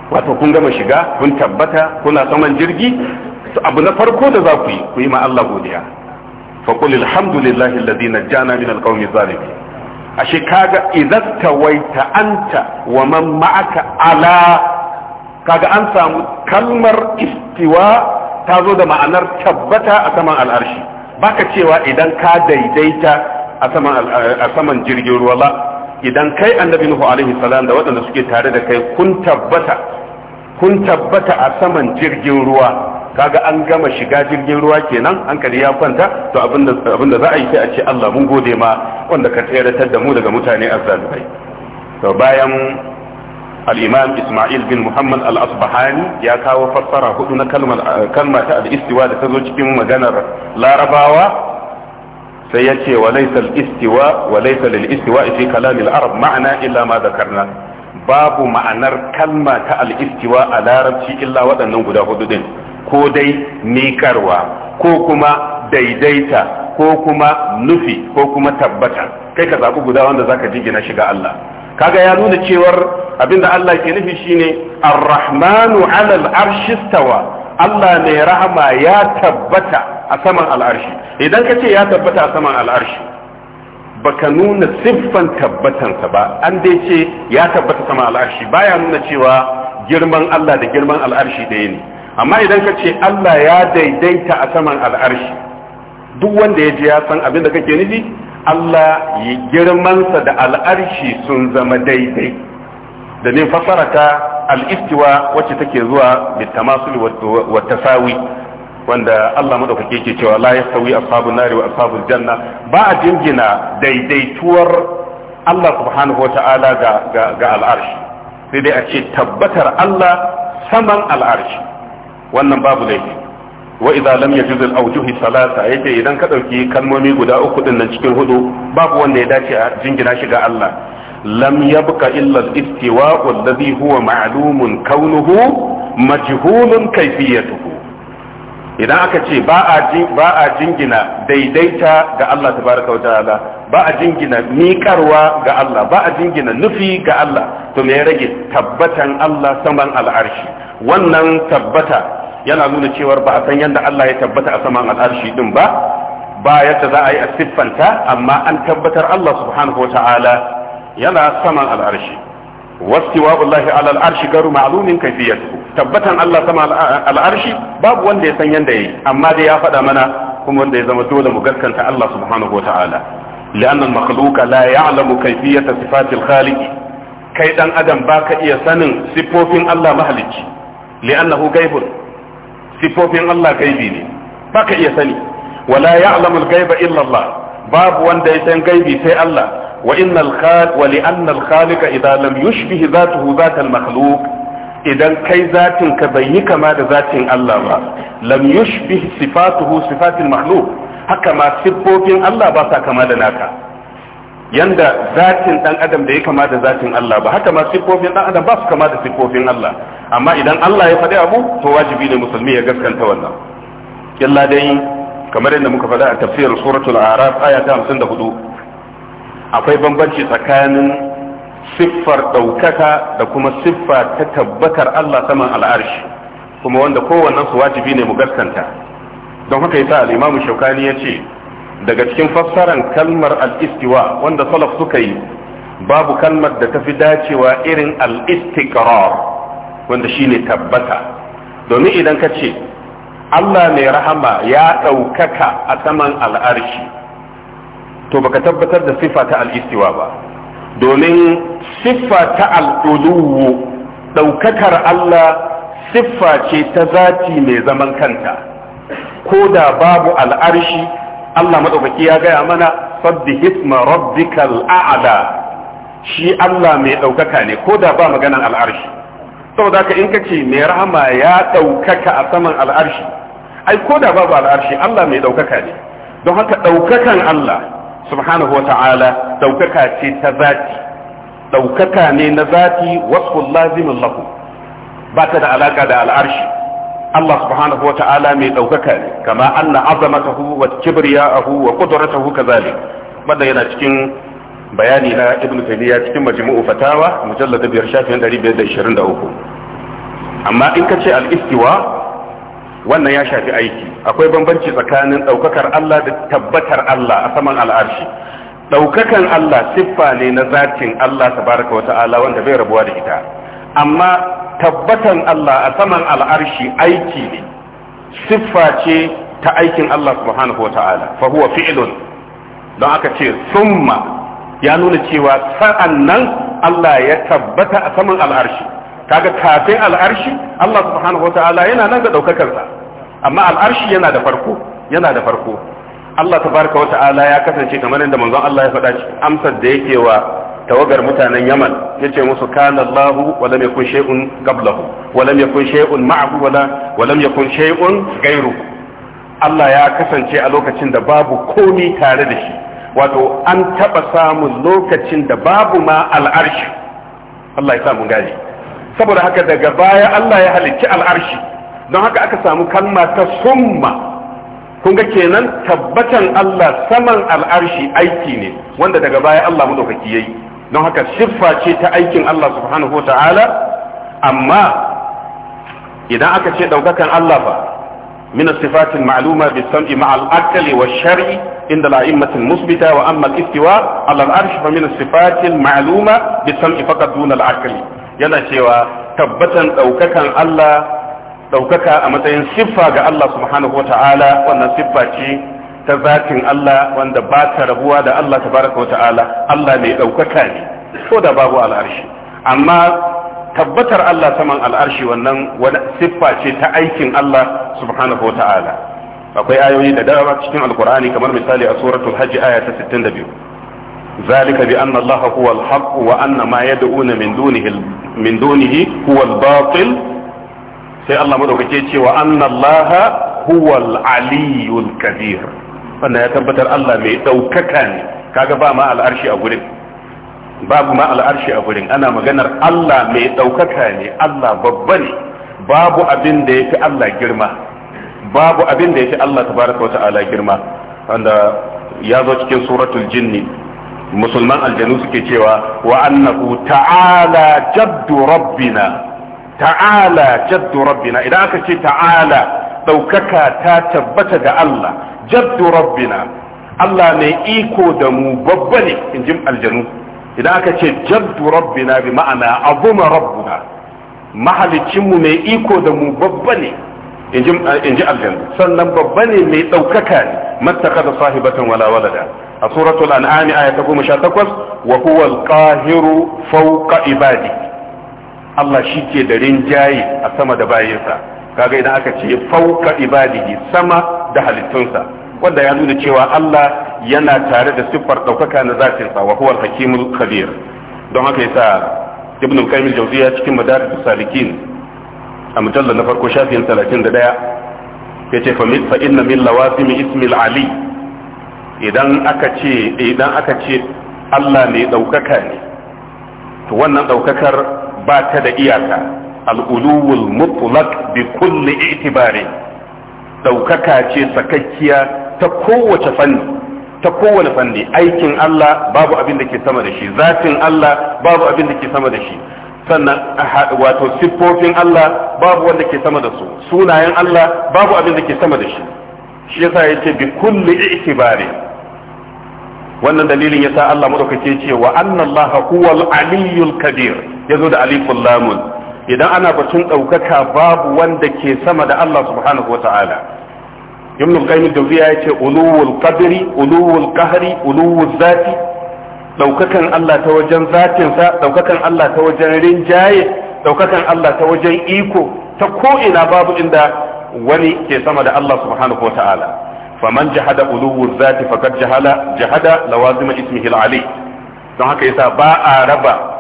wato kun gama shiga kun tabbata kuna saman jirgi to abu na farko da za ku yi ku yi ma Allah godiya فقل الحمد لله الذي نجانا من القوم الظالمين ashe kaga idan tawaita anta wa man ma'aka ala kaga an samu kalmar istiwa ta zo da ma'anar tabbata a saman al'arshi baka cewa idan ka daidaita a saman jirgin ruwa ba idan kai annabi nuhu alaihi salam da waɗanda suke tare da kai kun tabbata kun tabbata a saman jirgin ruwa kaga an gama shiga jirgin ruwa kenan hankali ya kwanta to abinda za a yi sai a ce Allah mun gode ma wanda ka tseratar da mu daga mutane azzalimai to bayan al-imam Ismail bin Muhammad al-Asbahani ya kawo fassara hudu na kalmar kalma ta al-istiwa da ta zo cikin maganar Larabawa sai ya ce wa laysa al-istiwa wa laysa lil-istiwa fi kalamil arab ma'ana illa ma dhakarna babu ma'anar kalma ta al'istiwa a larabci illa waɗannan guda hudu din ko dai nikarwa ko kuma daidaita ko kuma nufi ko kuma tabbata kai ka zaɓi guda wanda zaka jigina shiga Allah kaga ya nuna cewar abinda Allah ke nufi shine ar-rahmanu 'ala al-arshi stawa Allah mai rahma ya tabbata a saman al'arshi idan kace ya tabbata a saman al'arshi baka nuna siffan tabbatansa ba an dai ce ya tabbata sama al'arshi baya nuna cewa girman Allah da girman al'arshi ɗaya ne amma idan ka ce Allah ya daidaita a saman al'arshi duk wanda ya ji ya san abin da kake nufi Allah ya girmansa da al'arshi sun zama daidai da ne fasara ta al'istiwa wacce take zuwa bitamasul wa tasawi wanda Allah madaukake yake cewa la yastawi ashabun nari wa ashabul janna ba a jingina daidaituwar Allah subhanahu wa ta'ala ga ga al'arshi sai dai a ce tabbatar Allah saman al'arshi wannan babu laifi wa idza lam yajuz al awjuhi salata yace idan ka dauki kalmomi guda uku din nan cikin hudu babu wanda ya dace a jingina shi ga Allah lam yabqa illa al istiwa alladhi huwa ma'lumun kaunuhu majhulun kayfiyatuhu idan aka ce ba a jingina daidaita ga Allah baraka wa ta'ala ba a jingina miƙarwa ga Allah ba a jingina nufi ga Allah to me ya rage tabbatan Allah saman al'arshi wannan tabbata yana nuna cewar ba a san yadda Allah ya tabbata a saman al'arshi din ba ba yadda za a yi a siffanta amma an tabbatar Allah subhanahu wa ta'ala yana saman al'arshi wastiwa'ullahi alal al'arshi garu ma'lumin kayfiyatu tabbatan Allah sama al'arshi babu wanda ya san yanda yayi amma dai ya faɗa mana kuma wanda ya zama dole mu gaskanta Allah subhanahu wata'ala لأن المخلوق لا يعلم كيفية صفات الخالق كي دان أدم باك إيا سنن سفوفين الله مهلك لأنه غيب سفوفين الله غيبيني باك إيا سني ولا يعلم الغيب إلا الله باب وان ديسان غيبي سي الله wa innal khaliq wa li anna al khaliq idza lam yushbih zatuhu zat idan kai zatin bai yi kama da zatin Allah ba lam yushbih sifatuhu sifatil makhluq haka ma siffofin Allah ba sa kama da naka zatin dan adam da ya kama zatin Allah ba haka ma siffofin dan adam ba su kama Allah amma idan Allah ya faɗi abu ko wajibi ne musulmi ya gaskanta wannan illa dai kamar yadda muka faɗa a suratul a'raf aya ta 54 akwai bambanci tsakanin siffar ɗaukaka da kuma siffa ta tabbatar Allah saman al'arshi kuma wanda kowannen su wajibi ne mu gaskanta don haka yasa al shaukani ya ce daga cikin fassaran kalmar al'istiwa wanda salaf suka yi babu kalmar da tafi dacewa irin al-istiqrar wanda shine tabbata domin idan ka ce Allah mai rahama ya ɗaukaka a saman al'arshi to baka tabbatar da siffa ta al ba domin siffa ta al ɗaukakar Allah siffa ce ta zati mai zaman kanta ko da babu al'arshi Allah madaukaki ya gaya mana sabbi hisma rabbikal shi Allah mai ɗaukaka ne ko da ba maganan al'arshi saboda haka in kace mai rahama ya daukaka a saman al'arshi ai ko da babu al'arshi Allah mai ɗaukaka ne don haka ɗaukakan Allah subhanahu wa ta'ala daukaka ce ta zati daukaka ne na zati wasful lazimin lahu ba ta da alaka da al'arshi Allah subhanahu wa ta'ala mai daukaka ne kama anna azamatahu wa kibriya'ahu wa qudratahu kazalik wanda yana cikin bayani na ibnu taymiya cikin majmu'u fatawa mujallad 5 shafin 523 amma in ka ce al-istiwa wannan ya shafi aiki akwai bambanci tsakanin ɗaukakar Allah da tabbatar Allah a saman al'arshi ɗaukakan Allah siffa ne na zatin Allah tabaraka wa ta'ala wanda bai rabuwa da ita amma tabbatan Allah a saman al'arshi aiki ne siffa ce ta aikin Allah subhanahu wa ta'ala fa huwa fi'lun don aka ce summa ya nuna cewa sa'an Allah ya tabbata a saman al'arshi kaga kafin al'arshi Allah subhanahu wa ta'ala yana nan ga ɗaukakarsa amma al'arshi yana da farko yana da farko Allah tabaraka wa ta'ala ya kasance kamar yadda manzon Allah ya faɗa amsar da yake wa tawagar mutanen Yaman yace musu kana Allahu wa lam yakun shay'un qablahu wa lam yakun shay'un ma'ahu wa lam yakun shay'un ghayruhu Allah ya kasance a lokacin da babu komi tare da shi wato an taɓa samun lokacin da babu ma al'arshi Allah ya samu gaji saboda haka daga baya Allah ya halicci al'arshi don haka aka samu kalma ta summa kun ga kenan tabbatan Allah saman al'arshi aiki ne wanda daga baya Allah madaukaki yayi don haka siffa ce ta aikin Allah subhanahu ta'ala amma idan aka ce ɗaukakan Allah ba min sifatin ma'luma bi sam'i ma'al aqli wa shar'i inda la'immatin musbita wa amma al-istiwa ala al-arsh fa min sifatin ma'luma bi sam'i faqat duna al-aqli yana cewa tabbatan daukakan Allah ɗaukaka a matsayin siffa ga Allah subhanahu wata'ala wannan siffa ce ta zatin Allah wanda ba ta rabuwa da Allah tabaraka wata'ala Allah mai ɗaukaka ne ko da babu al'arshi amma tabbatar Allah saman al'arshi wannan wani siffa ce ta aikin Allah subhanahu wata'ala akwai ayoyi da dama cikin alkur'ani kamar misali a suratul hajji aya ta 62 ذلك بأن الله هو الحق وأن ما يدعون من دونه من دونه هو الباطل sai Allah madaukake cewa annallaha huwal aliyul kabir wannan ya tabbatar Allah mai daukaka ne kaga ba ma al'arshi a gurin babu ma al'arshi a gurin ana maganar Allah mai daukaka ne Allah babba ne babu abin da yafi Allah girma babu abin da yafi Allah tabaraka wa ta'ala girma wanda ya zo cikin suratul jinni musulman aljanu suke cewa wa annahu ta'ala jaddu rabbina ta'ala jaddu rabbina idan aka ce ta'ala ɗaukaka ta tabbata ga Allah jaddu rabbina Allah mai iko da mu babba ne in jim aljanu idan aka ce jaddu rabbina bi ma'ana azuma rabbuna mahalicinmu mai iko da mu babba ne in ji aljanu sannan babba ne mai ɗaukaka ne mattaka da sahibatan wala walada a suratul an'ami aya ta goma sha takwas wa huwa alqahiru fawqa ibadihi Allah shi ke da rinjaye a sama da bayansa kaga idan aka ce fauka ibadihi sama da halittunsa wanda ya nuna cewa Allah yana tare da siffar ɗaukaka na zatinsa wa huwa hakimul khabir don haka yasa ibn al-qayyim al-jawziyya cikin madarij salikin a mujalla na farko shafin 31 yace fa inna min lawazim ismil ali idan aka ce idan aka ce Allah ne ɗaukaka ne to wannan ɗaukakar ba ta da iyaka al'uluwul mutlaq bi kulli itibari ɗaukaka ce sakakkiya ta kowace fanni ta kowane fanni aikin Allah babu abin da ke sama da shi zafin Allah babu abin da ke sama da shi sannan wato siffofin Allah babu wanda ke sama da su sunayen Allah babu abin da ke sama da shi shi yasa ce bi kulli itibari wannan dalilin yasa Allah madaukake ce wa anna Allah huwal aliyyul kabir ya zo da alifun lamun idan ana batun ɗaukaka babu wanda ke sama da Allah subhanahu wa ta'ala ibn al-qayyim dawziya yace uluwul qadri uluwul qahri uluwul zati ɗaukakan Allah ta wajen zatinsa ɗaukakan Allah ta wajen rinjaye ɗaukakan Allah ta wajen iko ta ko ina babu inda wani ke sama da Allah subhanahu wa ta'ala faman jahada uluwul zati faqad jahala jahada lawazim ismihi al-ali don haka yasa ba a raba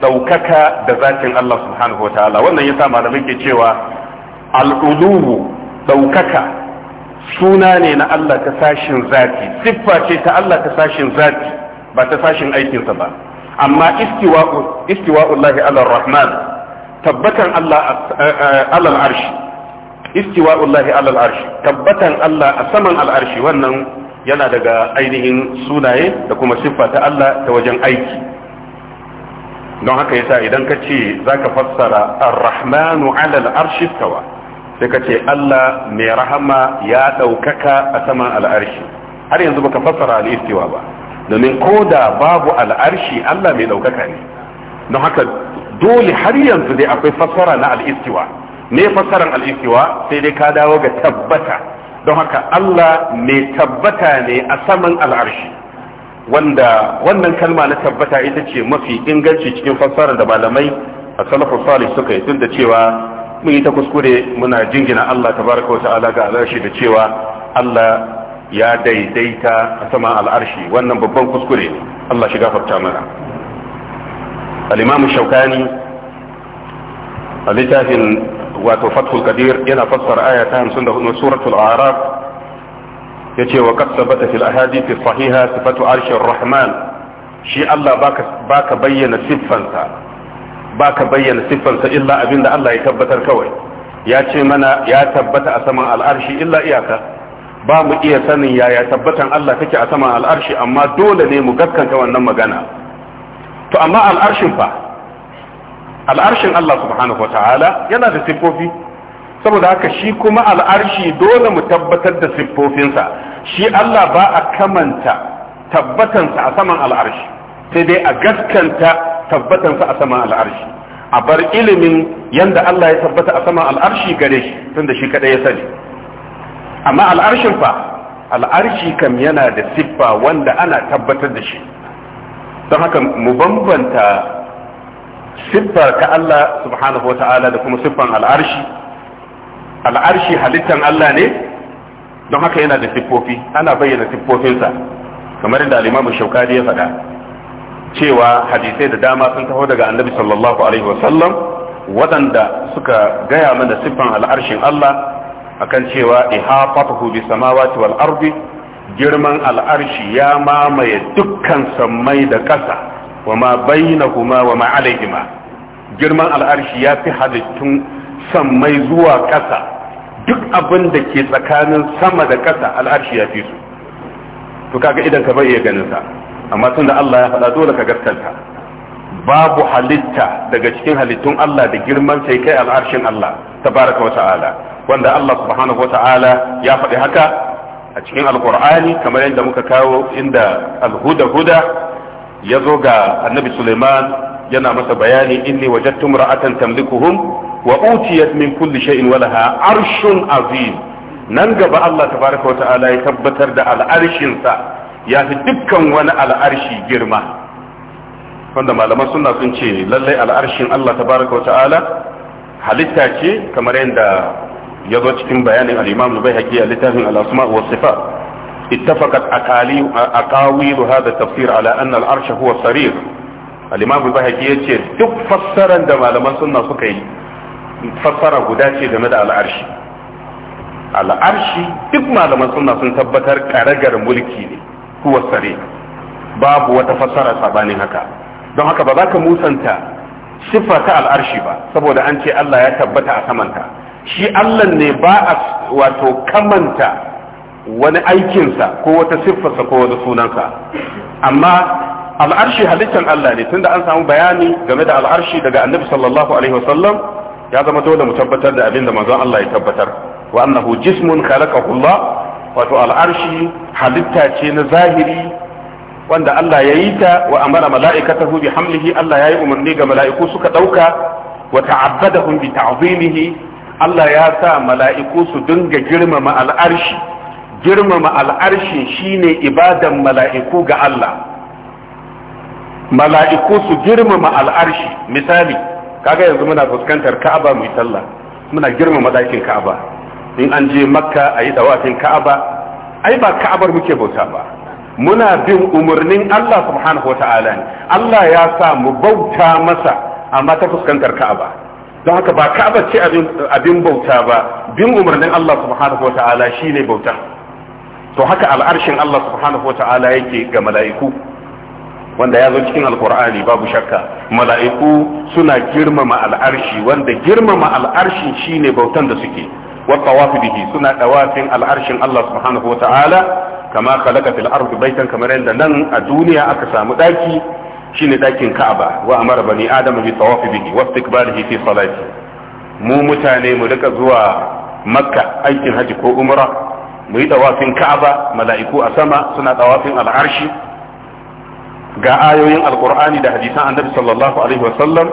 ɗaukaka da zatin Allah subhanahu wa ta'ala wannan yasa malamai ke cewa al'uluhu ɗaukaka suna ne na Allah ta sashin zati siffa ce ta Allah ta sashin zati ba ta sashin aikinsa ba amma istiwa'ullahi ala rahman tabbatan Allah alal arshi istiwa'ullahi alal arshi tabbatan Allah a saman al'arshi wannan yana daga ainihin sunaye da kuma siffa ta Allah ta wajen aiki don haka yasa idan ka ce za ka fassara ar-rahmanu alal arshi tawa sai ka ce Allah mai rahama ya ɗaukaka a saman al'arshi har yanzu baka fassara al'istiwa ba domin ko da babu al'arshi Allah mai ɗaukaka ne don haka dole har yanzu dai akwai fassara na al'istiwa ne fassaran al'istiwa sai dai ka dawo ga tabbata don haka Allah mai tabbata ne a saman al'arshi wanda wannan kalma na tabbata ita ce mafi inganci cikin fassarar da malamai a salafu salih suka yi tunda cewa mun yi ta kuskure muna jingina Allah tabaraka wa ta'ala ga al'arshi da cewa Allah ya daidaita a sama al'arshi wannan babban kuskure Allah shiga fafta mana al-imamu shaukani a littafin wato fathul kadir yana fassara aya ta 54 suratul a'raf ya ce wa qad sabata fil ahadith sahiha sifatu arshir rahman shi Allah baka baka bayyana siffansa baka bayyana siffansa illa abinda Allah ya tabbatar kawai ya ce mana ya tabbata a saman al'arshi illa iyaka ba mu iya sanin yaya tabbatan Allah take a saman al'arshi amma dole ne mu gaskanta wannan magana to amma al'arshin fa al'arshin Allah subhanahu wa ta'ala yana da siffofi saboda haka shi kuma al'arshi dole mu tabbatar da siffofinsa shi Allah ba a kamanta tabbatansa a saman al'arshi sai dai a gaskanta tabbatansa a saman al'arshi a bar ilimin yanda Allah ya tabbata a saman al'arshi gare shi tunda shi kadai ya sani amma al'arshin fa al'arshi kam yana da siffa wanda ana tabbatar da shi don haka mu bambanta siffar ta Allah subhanahu wa ta'ala da kuma siffan al'arshi al'arshi halittan Allah ne don haka yana da siffofi ana bayyana siffofinsa kamar inda al-Imam Shawkani ya faɗa cewa hadisai da dama sun taho daga Annabi sallallahu alaihi wasallam waɗanda suka gaya mana siffan al'arshin Allah akan cewa ihafatuhu bi samawati wal ardi girman al'arshi ya mamaye dukkan sammai da ƙasa wa ma kuma wa ma alaihima girman al'arshi ya fi halittun sammai zuwa ƙasa duk abin da ke tsakanin sama da ƙasa al'arshi ya fi su to kaga idan ka bai iya ganin sa amma tun da Allah ya faɗa dole ka gaskanta babu halitta daga cikin halittun Allah da girman sai kai al'arshin Allah tabaraka wa ta'ala wanda Allah subhanahu wa ta'ala ya faɗi haka a cikin alqur'ani kamar yadda muka kawo inda alhuda huda ya zo ga annabi Suleiman yana masa bayani inni wajadtu imra'atan tamlikuhum wa utiyat min kulli shay'in walaha arshun azim nan gaba Allah tabaraka wa ta'ala ya tabbatar da al'arshin sa ya fi dukkan wani al'arshi girma wanda malaman sunna sun ce lallai al'arshin Allah tabaraka wa ta'ala halitta ce kamar yadda ya cikin bayanin al-Imam Al-Baihaqi littafin al-Asma wa Sifat ittafaqat aqali aqawil tafsir ala anna yace duk fassaran da malaman sunna suka yi fassara guda ce game da al'arshi al'arshi duk malaman suna sun tabbatar karagar mulki ne kuwa sare babu wata fassara sabanin haka don haka ba za ka musanta siffa ta al'arshi ba saboda an ce Allah ya tabbata a samanta shi Allah ne ba a wato kamanta wani aikinsa ko wata siffarsa ko wani sunansa amma al'arshi halittar Allah ne tunda an samu bayani game da al'arshi daga annabi sallallahu alaihi wasallam ya zama dole mu tabbatar da abin da manzon Allah ya tabbatar wa annahu jismun khalaqahu Allah wato al'arshi halitta ce na zahiri wanda Allah ya yi ta wa amara mala'ikatahu bi hamlihi Allah ya yi umarni ga mala'iku suka dauka wa ta'abbadahum bi ta'zimihi Allah ya sa mala'iku su dinga girmama al'arshi girmama al'arshi shine ibadan mala'iku ga Allah mala'iku su girmama al'arshi misali kaga yanzu muna fuskantar ka'aba mu yi sallah muna girmama ɗakin ka'aba in an je makka a yi dawafin ka'aba ai ba ka'abar muke bauta ba muna bin umarnin Allah subhanahu wa ne Allah ya sa mu bauta masa amma ta fuskantar ka'aba don haka ba ka'aba ce abin bauta ba bin umarnin Allah subhanahu wa shine bauta to haka al'arshin Allah subhanahu wa yake ga mala'iku wanda ya zo cikin alkur'ani babu shakka mala'iku suna girmama al'arshi wanda girmama al'arshi shine bautan da suke wa tawafi bihi suna dawafin al'arshin Allah subhanahu wa ta'ala kama khalaqa fil ardi baitan kamar yadda nan a duniya aka samu daki shine dakin Ka'aba wa amara bani adam bi tawafi bihi wa istiqbalihi fi salati mu mutane mu rika zuwa makka aikin haji ko umra mu yi dawafin Ka'aba mala'iku a sama suna dawafin al'arshi ga ayoyin alkur'ani da hadisan annabi sallallahu alaihi wasallam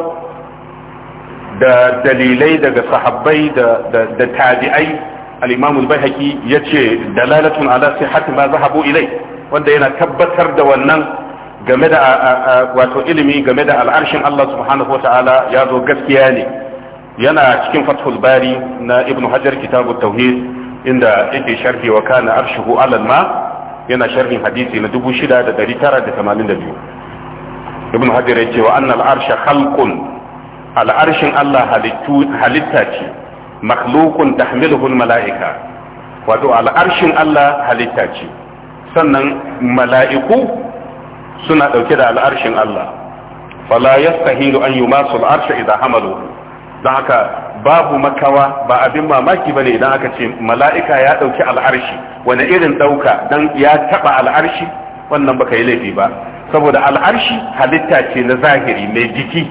da dalilai daga sahabbai da tabi'ai al-imam al-baihaqi yace dalalatun ala sihhati ma zahabu ilai wanda yana tabbatar da wannan game da wato ilimi game da al'arshin Allah subhanahu wata'ala ya zo gaskiya ne yana cikin fathul bari na ibnu hajar kitabut tauhid inda yake sharhi wa kana arshuhu alal ma yana sharhin hadisi na 6982 ibn hajar yace wa annal arsha khalqun al arshin Allah halitta ce makhluqun tahmiluhu al malaika wato al arshin Allah halitta ce sannan mala'iku suna dauke da al arshin Allah fala yastahilu an yumasu al arsha idan hamalu don haka babu makawa ba abin mamaki bane idan aka ce mala'ika ya dauki al'arshi wani irin dauka dan ya taba al'arshi wannan baka yi laifi ba saboda al'arshi halitta ce na zahiri mai jiki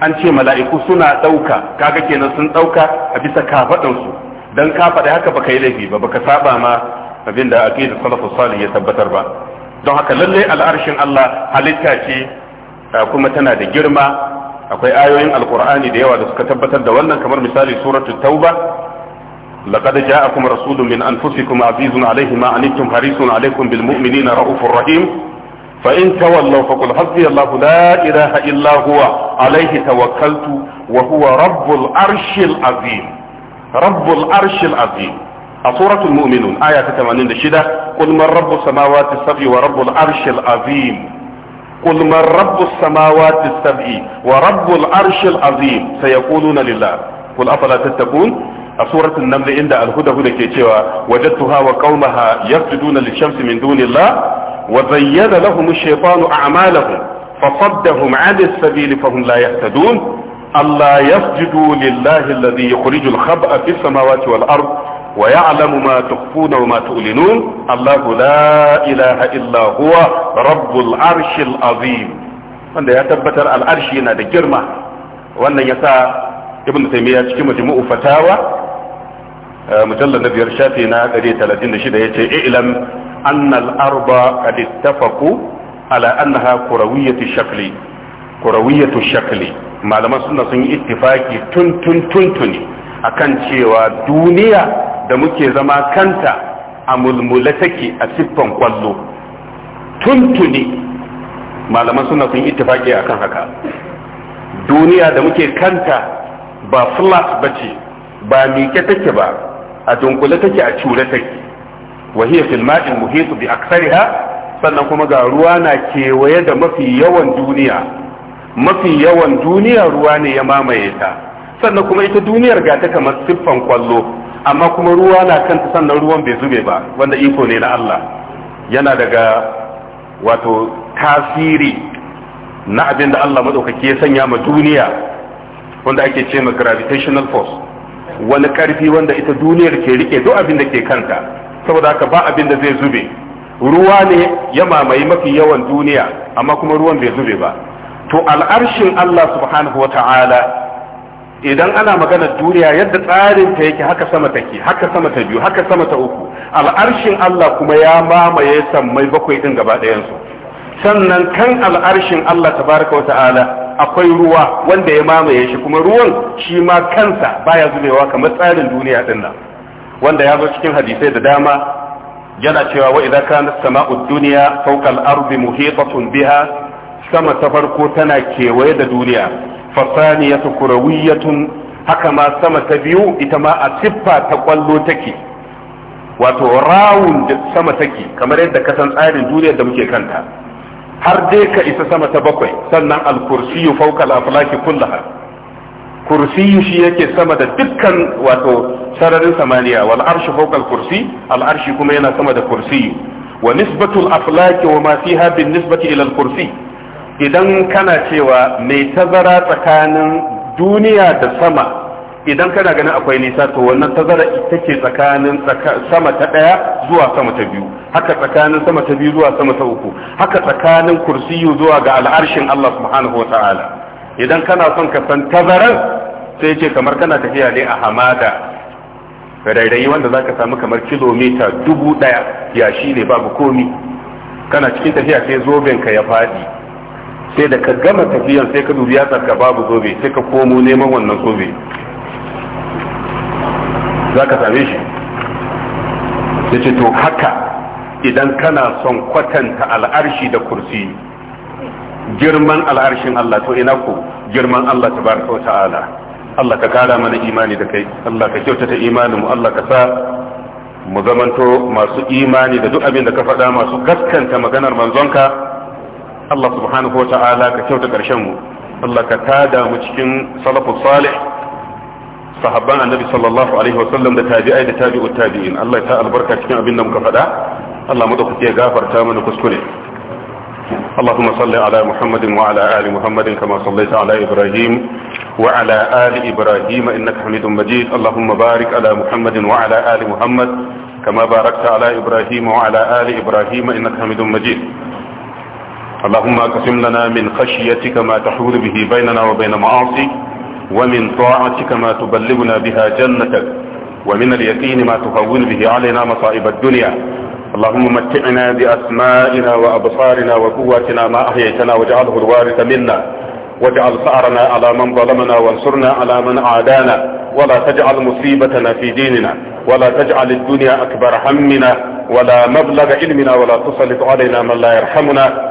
an ce mala'iku suna dauka kaga kenan sun dauka a bisa kafadan su dan ka faɗi haka baka yi laifi ba baka saba ma abin da aqidar salafus salih ya tabbatar ba don haka lalle al'arshin Allah halitta ce kuma tana da girma akwai ayoyin alkur'ani da yawa da suka tabbatar da wannan kamar misali suratul tauba laqad ja'akum rasulun min anfusikum azizun alayhi ma anittum harisun alaykum bil mu'minina raufur rahim fa in tawallaw faqul hasbi allah la ilaha illa huwa alayhi tawakkaltu wa huwa rabbul arshil azim rabbul arshil azim a suratul mu'minun aya ta 86 qul man rabbus samawati sab'i wa rabbul arshil azim قل من رب السماوات السبع ورب العرش العظيم سيقولون لله قل افلا تتقون سورة النمل عند الهدى هدى كيتشيوا وجدتها وقومها يسجدون للشمس من دون الله وزين لهم الشيطان اعمالهم فصدهم عن السبيل فهم لا يهتدون الا يسجدوا لله الذي يخرج الخبأ في السماوات والارض wa ya'lamu ma tukhfuna ma tu'linun Allahu la ilaha illa huwa rabbul arshil azim wanda ya tabbatar al'arshi na da girma wannan yasa ibn taymiya cikin majmu'u fatawa mujallal na biyar da shida, ya ce i'lam anna al-arba qad ittafaqu ala annaha kurawiyatu shakli kurawiyatu shakli malaman sunna sun yi ittifaki tun tun tuntuni akan cewa duniya da muke zama kanta a mulmula take a siffan kwallo tuntuni malaman suna sun a akan haka duniya da muke kanta ba flat bace ba miƙe take ba a dunkule take a cure take wahiyar filma'in muhitu bi ha? sannan kuma ga ruwa na kewaye da mafi yawan duniya mafi yawan duniya ruwa ne ya mamaye ta sannan kuma ita duniyar ga ta kamar siffan kwallo amma kuma ruwa na kanta sannan ruwan bai zube ba wanda iko ne na Allah yana daga wato tasiri na abin da Allah maɗaukaki ya sanya ma duniya wanda ake ce ma gravitational force wani ƙarfi wanda ita duniyar ke rike duk abin da ke kanta saboda haka ba abin da zai zube ruwa ne ya mamaye mafi yawan duniya amma kuma ruwan bai zube ba to al'arshin Allah subhanahu wa ta'ala idan ana magana duniya yadda tsarin ta yake haka sama take haka sama ta biyu haka sama ta uku al'arshin Allah kuma ya mamaye sammai bakwai din gaba ɗayansu sannan kan al'arshin Allah tabaraka wa ta'ala akwai ruwa wanda ya mamaye shi kuma ruwan shi ma kansa baya zubewa kamar tsarin duniya din nan wanda ya zo cikin hadisai da dama yana cewa wa idza kanat sama'u dunya fawqa al-ardi muhitatun biha sama ta farko tana kewaye da duniya fasaniyatu kurawiyatun haka ma sama ta biyu ita ma a siffa ta kwallo take wato rawun da sama take kamar yadda ka san tsarin duniyar da muke kanta har dai ka isa sama ta bakwai sannan al-kursiyu fawqa al-aflaki kullaha kursiyu shi yake sama da dukkan wato sararin samaniya wal arshu fawqa al-kursi al'arshi kuma yana sama da kursi wa nisbatul aflaki wa ma fiha bin nisbati ila al-kursi idan kana cewa mai tazara tsakanin duniya da sama idan kana ganin akwai nisa to wannan tazara ita ce tsakanin sama ta ɗaya zuwa sama ta biyu haka tsakanin sama ta biyu zuwa sama ta uku haka tsakanin kursiyu zuwa ga al'arshin Allah subhanahu wa ta'ala idan kana son ka san tazaran sai ce kamar kana tafiya ne a hamada rairayi wanda za ka samu kamar kilomita dubu ɗaya yashi ne babu komi kana cikin tafiya sai zoben ka ya faɗi sai da ka gama tafiyan sai ka dubi yatsar ka babu zobe sai ka komo neman wannan zobe za ka same shi ya ce to haka idan kana son kwatanta al'arshi da kursi girman al'arshin Allah to ina ku girman Allah ta wa ta'ala Allah ka kara mana imani da kai Allah ka ta kyautata mu Allah ka sa mu zamanto masu imani da duk abin da ka faɗa masu gaskanta maganar manzonka Allah subhanahu wa ta'ala ka kyauta karshen mu Allah ka tada mu cikin salafus salih sahabban annabi sallallahu alaihi wa sallam da tabi'ai da tabi'ut tabi'in Allah ta albarka cikin abin da muka faɗa Allah mu da kuke gafarta mana kuskure اللهم صل على محمد وعلى آل محمد كما صليت على إبراهيم وعلى آل إبراهيم إنك حميد مجيد اللهم بارك على محمد وعلى آل محمد كما باركت على إبراهيم وعلى آل إبراهيم إنك حميد مجيد اللهم اقسم لنا من خشيتك ما تحول به بيننا وبين معاصيك ومن طاعتك ما تبلغنا بها جنتك ومن اليقين ما تهون به علينا مصائب الدنيا اللهم متعنا بأسمائنا وأبصارنا وقواتنا ما أحييتنا واجعله الوارث منا واجعل ثأرنا على من ظلمنا وانصرنا على من عادانا ولا تجعل مصيبتنا في ديننا ولا تجعل الدنيا أكبر همنا ولا مبلغ علمنا ولا تسلط علينا من لا يرحمنا